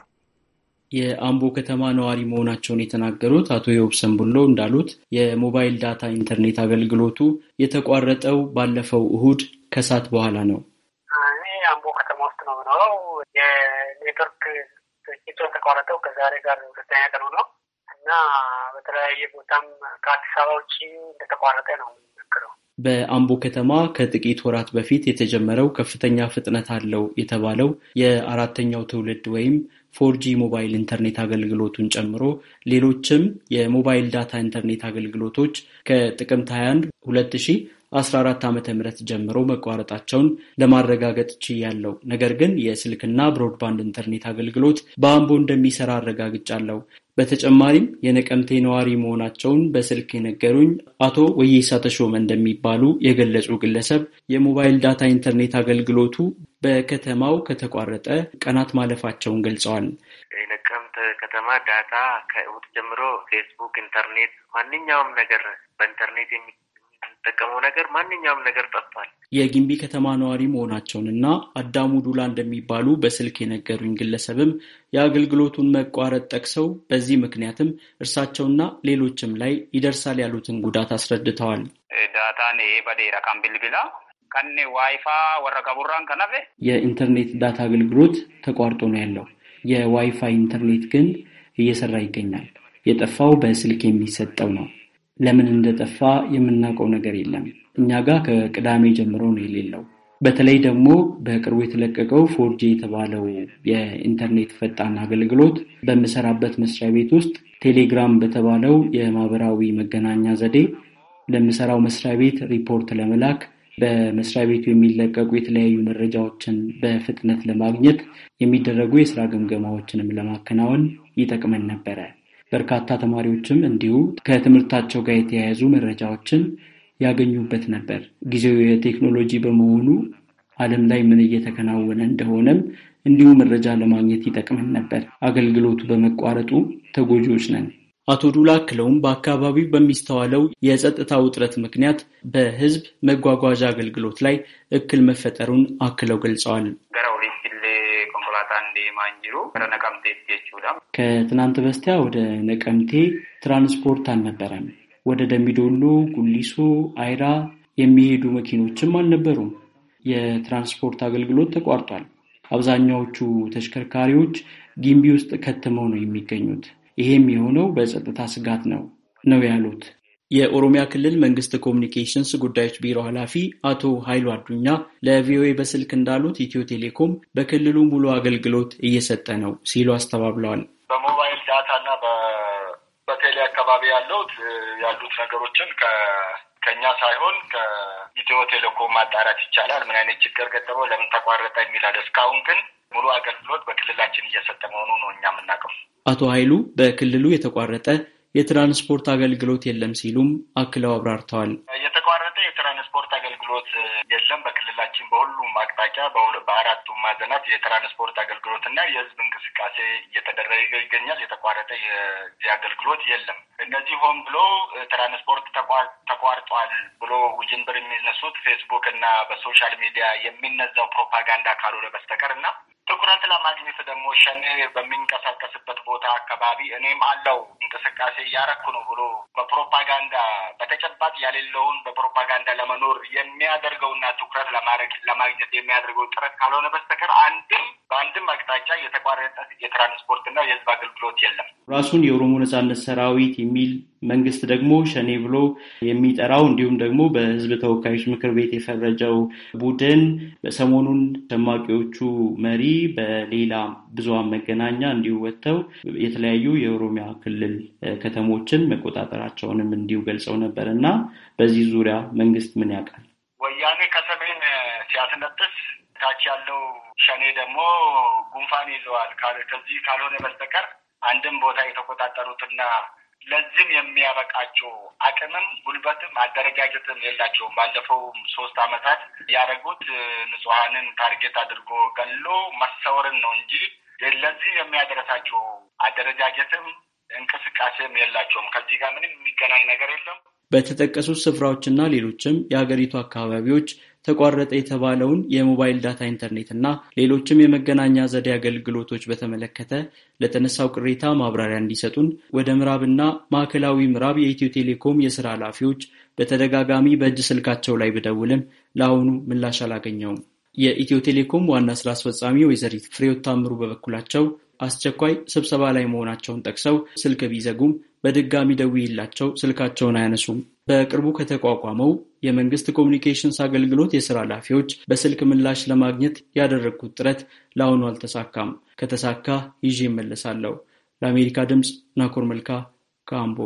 የአምቦ ከተማ ነዋሪ መሆናቸውን የተናገሩት አቶ የውብሰን ቡሎ እንዳሉት የሞባይል ዳታ ኢንተርኔት አገልግሎቱ የተቋረጠው ባለፈው እሁድ ከሰዓት በኋላ ነው። እኔ አምቦ ከተማ ውስጥ ነው የኔትወርክ ስርጭቱ የተቋረጠው ከዛሬ ጋር ሁለተኛ ቀኑ ነው። እና በተለያየ ቦታም ከአዲስ አበባ ውጭ እንደተቋረጠ ነው የሚነገረው። በአምቦ ከተማ ከጥቂት ወራት በፊት የተጀመረው ከፍተኛ ፍጥነት አለው የተባለው የአራተኛው ትውልድ ወይም ፎርጂ ሞባይል ኢንተርኔት አገልግሎቱን ጨምሮ ሌሎችም የሞባይል ዳታ ኢንተርኔት አገልግሎቶች ከጥቅምት 21 2000 14 ዓመተ ምህረት ጀምሮ መቋረጣቸውን ለማረጋገጥ ችያለሁ። ነገር ግን የስልክና ብሮድባንድ ኢንተርኔት አገልግሎት በአምቦ እንደሚሰራ አረጋግጫለሁ። በተጨማሪም የነቀምቴ ነዋሪ መሆናቸውን በስልክ የነገሩኝ አቶ ወይሳ ተሾመ እንደሚባሉ የገለጹ ግለሰብ የሞባይል ዳታ ኢንተርኔት አገልግሎቱ በከተማው ከተቋረጠ ቀናት ማለፋቸውን ገልጸዋል። የነቀምት ከተማ ዳታ ከእሑድ ጀምሮ ፌስቡክ፣ ኢንተርኔት ማንኛውም ነገር በኢንተርኔት የሚ የምንጠቀመው ነገር ማንኛውም ነገር ጠፍቷል። የጊምቢ ከተማ ነዋሪ መሆናቸውንና አዳሙ ዱላ እንደሚባሉ በስልክ የነገሩኝ ግለሰብም የአገልግሎቱን መቋረጥ ጠቅሰው በዚህ ምክንያትም እርሳቸውና ሌሎችም ላይ ይደርሳል ያሉትን ጉዳት አስረድተዋል። ዋይፋ ወረቀቡራን ከናፌ የኢንተርኔት ዳታ አገልግሎት ተቋርጦ ነው ያለው። የዋይፋይ ኢንተርኔት ግን እየሰራ ይገኛል። የጠፋው በስልክ የሚሰጠው ነው። ለምን እንደጠፋ የምናውቀው ነገር የለም። እኛ ጋር ከቅዳሜ ጀምሮ ነው የሌለው። በተለይ ደግሞ በቅርቡ የተለቀቀው ፎርጂ የተባለው የኢንተርኔት ፈጣን አገልግሎት በምሰራበት መስሪያ ቤት ውስጥ ቴሌግራም በተባለው የማህበራዊ መገናኛ ዘዴ ለምሰራው መስሪያ ቤት ሪፖርት ለመላክ በመስሪያ ቤቱ የሚለቀቁ የተለያዩ መረጃዎችን በፍጥነት ለማግኘት የሚደረጉ የስራ ግምገማዎችንም ለማከናወን ይጠቅመን ነበረ። በርካታ ተማሪዎችም እንዲሁ ከትምህርታቸው ጋር የተያያዙ መረጃዎችን ያገኙበት ነበር። ጊዜው የቴክኖሎጂ በመሆኑ ዓለም ላይ ምን እየተከናወነ እንደሆነም እንዲሁ መረጃ ለማግኘት ይጠቅመን ነበር። አገልግሎቱ በመቋረጡ ተጎጂዎች ነን። አቶ ዱላ አክለውም በአካባቢው በሚስተዋለው የጸጥታ ውጥረት ምክንያት በሕዝብ መጓጓዣ አገልግሎት ላይ እክል መፈጠሩን አክለው ገልጸዋል። kan ማንጅሮ jiru gara ከትናንት በስቲያ ወደ ነቀምቴ ትራንስፖርት አልነበረም። ወደ ደሚዶሎ፣ ጉሊሶ፣ አይራ የሚሄዱ መኪኖችም አልነበሩም። የትራንስፖርት አገልግሎት ተቋርጧል። አብዛኛዎቹ ተሽከርካሪዎች ጊምቢ ውስጥ ከትመው ነው የሚገኙት። ይሄም የሆነው በጸጥታ ስጋት ነው ነው ያሉት የኦሮሚያ ክልል መንግስት ኮሚኒኬሽንስ ጉዳዮች ቢሮ ኃላፊ አቶ ኃይሉ አዱኛ ለቪኦኤ በስልክ እንዳሉት ኢትዮ ቴሌኮም በክልሉ ሙሉ አገልግሎት እየሰጠ ነው ሲሉ አስተባብለዋል። በሞባይል ዳታ እና በቴሌ አካባቢ ያለውት ያሉት ነገሮችን ከኛ ሳይሆን ከኢትዮ ቴሌኮም ማጣራት ይቻላል። ምን አይነት ችግር ገጠመው፣ ለምን ተቋረጠ የሚላል። እስካሁን ግን ሙሉ አገልግሎት በክልላችን እየሰጠ መሆኑ ነው እኛ የምናውቀው። አቶ ኃይሉ በክልሉ የተቋረጠ የትራንስፖርት አገልግሎት የለም ሲሉም አክለው አብራርተዋል። የተቋረጠ የትራንስፖርት አገልግሎት የለም። በክልላችን በሁሉም አቅጣጫ በአራቱም ማዘናት የትራንስፖርት አገልግሎት እና የህዝብ እንቅስቃሴ እየተደረገ ይገኛል። የተቋረጠ የአገልግሎት የለም። እነዚህ ሆን ብሎ ትራንስፖርት ተቋርጧል ብሎ ውጅንብር የሚነሱት ፌስቡክ እና በሶሻል ሚዲያ የሚነዛው ፕሮፓጋንዳ ካልሆነ በስተቀር እና ትኩረት ለማግኘት ደግሞ ሸኔ በሚንቀሳቀስበት ቦታ አካባቢ እኔም አለው እንቅስቃሴ እያረኩ ነው ብሎ በፕሮፓጋንዳ በተጨባጭ ያሌለውን በፕሮፓጋንዳ ለመኖር የሚያደርገውና ትኩረት ለማድረግ ለማግኘት የሚያደርገው ጥረት ካልሆነ በስተቀር አንድም በአንድም አቅጣጫ የተቋረጠ የትራንስፖርትና የህዝብ አገልግሎት የለም። ራሱን የኦሮሞ ነጻነት ሰራዊት የሚል መንግስት ደግሞ ሸኔ ብሎ የሚጠራው እንዲሁም ደግሞ በህዝብ ተወካዮች ምክር ቤት የፈረጀው ቡድን ሰሞኑን ሸማቂዎቹ መሪ በሌላ ብዙሃን መገናኛ እንዲሁ ወጥተው የተለያዩ የኦሮሚያ ክልል ከተሞችን መቆጣጠራቸውንም እንዲሁ ገልጸው ነበር እና በዚህ ዙሪያ መንግስት ምን ያውቃል? ወያኔ ከሰሜን ሲያስነጥስ ታች ያለው ሸኔ ደግሞ ጉንፋን ይዘዋል። ከዚህ ካልሆነ በስተቀር አንድም ቦታ የተቆጣጠሩትና ለዚህም የሚያበቃቸው አቅምም ጉልበትም አደረጃጀትም የላቸውም። ባለፈው ሶስት አመታት ያደረጉት ንጹሐንን ታርጌት አድርጎ ገሎ መሰወርን ነው እንጂ ለዚህ የሚያደረሳቸው አደረጃጀትም እንቅስቃሴም የላቸውም። ከዚህ ጋር ምንም የሚገናኝ ነገር የለም። በተጠቀሱት ስፍራዎችና ሌሎችም የሀገሪቱ አካባቢዎች ተቋረጠ የተባለውን የሞባይል ዳታ ኢንተርኔት እና ሌሎችም የመገናኛ ዘዴ አገልግሎቶች በተመለከተ ለተነሳው ቅሬታ ማብራሪያ እንዲሰጡን ወደ ምዕራብና ማዕከላዊ ምዕራብ የኢትዮ ቴሌኮም የስራ ኃላፊዎች በተደጋጋሚ በእጅ ስልካቸው ላይ ብደውልም ለአሁኑ ምላሽ አላገኘውም። የኢትዮ ቴሌኮም ዋና ስራ አስፈጻሚ ወይዘሪት ፍሬዮት ታምሩ በበኩላቸው አስቸኳይ ስብሰባ ላይ መሆናቸውን ጠቅሰው ስልክ ቢዘጉም በድጋሚ ደውዬላቸው ስልካቸውን አያነሱም። በቅርቡ ከተቋቋመው የመንግስት ኮሚኒኬሽንስ አገልግሎት የስራ ኃላፊዎች በስልክ ምላሽ ለማግኘት ያደረግኩት ጥረት ለአሁኑ አልተሳካም። ከተሳካ ይዤ እመለሳለሁ። ለአሜሪካ ድምፅ ናኮር መልካ ከአምቦ።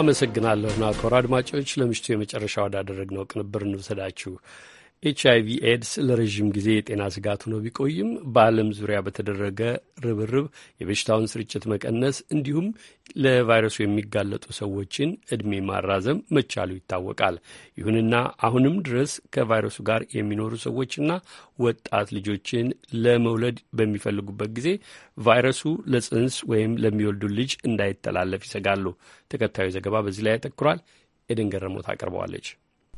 አመሰግናለሁ ናኮር። አድማጮች ለምሽቱ የመጨረሻ ወዳደረግነው ቅንብር እንውሰዳችሁ። ኤች አይ ቪ ኤድስ ለረዥም ጊዜ የጤና ስጋት ሆኖ ቢቆይም በዓለም ዙሪያ በተደረገ ርብርብ የበሽታውን ስርጭት መቀነስ እንዲሁም ለቫይረሱ የሚጋለጡ ሰዎችን ዕድሜ ማራዘም መቻሉ ይታወቃል። ይሁንና አሁንም ድረስ ከቫይረሱ ጋር የሚኖሩ ሰዎችና ወጣት ልጆችን ለመውለድ በሚፈልጉበት ጊዜ ቫይረሱ ለጽንስ ወይም ለሚወልዱ ልጅ እንዳይተላለፍ ይሰጋሉ። ተከታዩ ዘገባ በዚህ ላይ ያተኩራል። ኤደን ገረሞት አቅርበዋለች።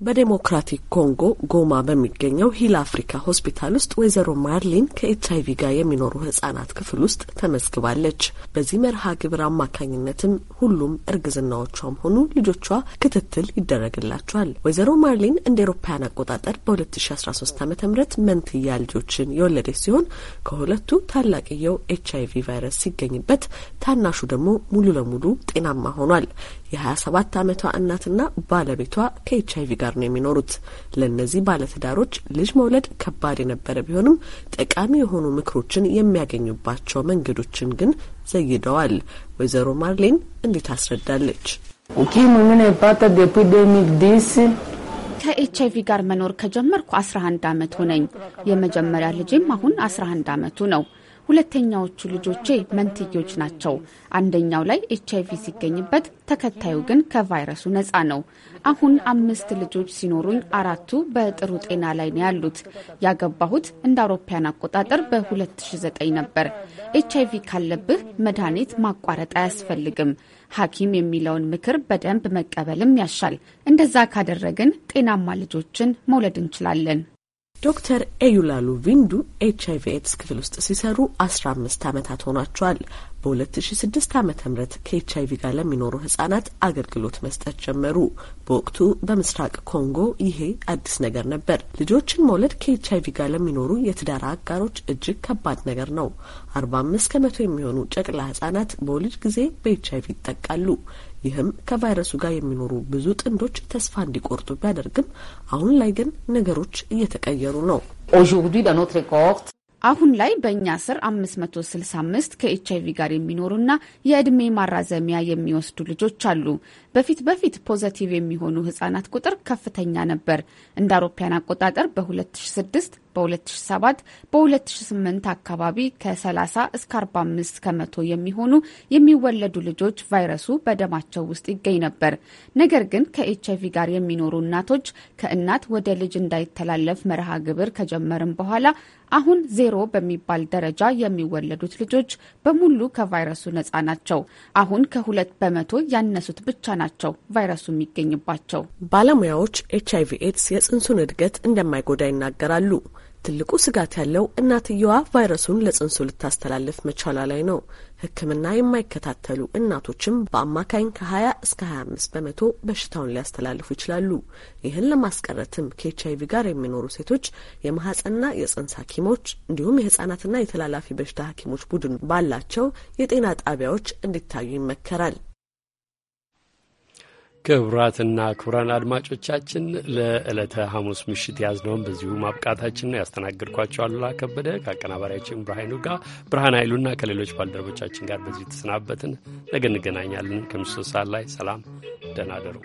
በዴሞክራቲክ ኮንጎ ጎማ በሚገኘው ሂል አፍሪካ ሆስፒታል ውስጥ ወይዘሮ ማርሊን ከኤች አይቪ ጋር የሚኖሩ ህጻናት ክፍል ውስጥ ተመዝግባለች። በዚህ መርሃ ግብር አማካኝነትም ሁሉም እርግዝናዎቿም ሆኑ ልጆቿ ክትትል ይደረግላቸዋል። ወይዘሮ ማርሊን እንደ ኤሮፓያን አቆጣጠር በ2013 ዓ ም መንትያ ልጆችን የወለደች ሲሆን ከሁለቱ ታላቅየው ኤች አይቪ ቫይረስ ሲገኝበት፣ ታናሹ ደግሞ ሙሉ ለሙሉ ጤናማ ሆኗል። የ27 ዓመቷ እናትና ባለቤቷ ከኤች አይቪ ጋር ነው የሚኖሩት። ለእነዚህ ባለትዳሮች ልጅ መውለድ ከባድ የነበረ ቢሆንም ጠቃሚ የሆኑ ምክሮችን የሚያገኙባቸው መንገዶችን ግን ዘይደዋል። ወይዘሮ ማርሌን እንዴት አስረዳለች። ከኤች አይቪ ጋር መኖር ከጀመርኩ 11 ዓመት ሆነኝ። የመጀመሪያ ልጄም አሁን 11 ዓመቱ ነው። ሁለተኛዎቹ ልጆቼ መንትዮች ናቸው። አንደኛው ላይ ኤች አይቪ ሲገኝበት፣ ተከታዩ ግን ከቫይረሱ ነፃ ነው። አሁን አምስት ልጆች ሲኖሩኝ አራቱ በጥሩ ጤና ላይ ነው ያሉት። ያገባሁት እንደ አውሮፓያን አቆጣጠር በ2009 ነበር። ኤች አይቪ ካለብህ መድኃኒት ማቋረጥ አያስፈልግም። ሐኪም የሚለውን ምክር በደንብ መቀበልም ያሻል። እንደዛ ካደረግን ጤናማ ልጆችን መውለድ እንችላለን። ዶክተር ኤዩላሉ ቪንዱ ኤች አይቪ ኤድስ ክፍል ውስጥ ሲሰሩ አስራ አምስት ዓመታት ሆኗቸዋል። በ2006 ዓ ም ከኤች አይቪ ጋር ለሚኖሩ ህጻናት አገልግሎት መስጠት ጀመሩ። በወቅቱ በምስራቅ ኮንጎ ይሄ አዲስ ነገር ነበር። ልጆችን መውለድ ከኤች አይቪ ጋር ለሚኖሩ የትዳር አጋሮች እጅግ ከባድ ነገር ነው። 45 ከመቶ የሚሆኑ ጨቅላ ህጻናት በወሊድ ጊዜ በኤች አይቪ ይጠቃሉ። ይህም ከቫይረሱ ጋር የሚኖሩ ብዙ ጥንዶች ተስፋ እንዲቆርጡ ቢያደርግም አሁን ላይ ግን ነገሮች እየተቀየሩ ነው። ኮርት አሁን ላይ በእኛ ስር 565 አይቪ ጋር የሚኖሩና የዕድሜ ማራዘሚያ የሚወስዱ ልጆች አሉ። በፊት በፊት ፖዘቲቭ የሚሆኑ ህጻናት ቁጥር ከፍተኛ ነበር። እንደ አውሮፓያን አቆጣጠር በ2006 በ2007 በ2008 አካባቢ ከ30 እስከ 45 ከመቶ የሚሆኑ የሚወለዱ ልጆች ቫይረሱ በደማቸው ውስጥ ይገኝ ነበር። ነገር ግን አይቪ ጋር የሚኖሩ እናቶች ከእናት ወደ ልጅ እንዳይተላለፍ መርሃ ግብር ከጀመርም በኋላ አሁን ዜሮ በሚባል ደረጃ የሚወለዱት ልጆች በሙሉ ከቫይረሱ ነጻ ናቸው። አሁን ከሁለት በመቶ ያነሱት ብቻ ናቸው ቫይረሱ የሚገኝባቸው። ባለሙያዎች ኤች አይቪ ኤድስ የጽንሱን እድገት እንደማይጎዳ ይናገራሉ። ትልቁ ስጋት ያለው እናትየዋ ቫይረሱን ለጽንሱ ልታስተላልፍ መቻሏ ላይ ነው። ሕክምና የማይከታተሉ እናቶችም በአማካኝ ከ20 እስከ 25 በመቶ በሽታውን ሊያስተላልፉ ይችላሉ። ይህን ለማስቀረትም ከኤች አይቪ ጋር የሚኖሩ ሴቶች የማህጸንና የጽንስ ሐኪሞች እንዲሁም የህጻናትና የተላላፊ በሽታ ሐኪሞች ቡድን ባላቸው የጤና ጣቢያዎች እንዲታዩ ይመከራል። ክቡራትና ክቡራን አድማጮቻችን ለዕለተ ሐሙስ ምሽት ያዝነውን በዚሁ ማብቃታችን ነው። ያስተናገድኳቸው አሉላ ከበደ ከአቀናባሪያችን ብርሃኑ ጋር ብርሃን ኃይሉና ከሌሎች ባልደረቦቻችን ጋር በዚሁ ተሰናበትን። ነገ እንገናኛለን ከምሽቱ ሰዓት ላይ። ሰላም፣ ደህና አደሩ።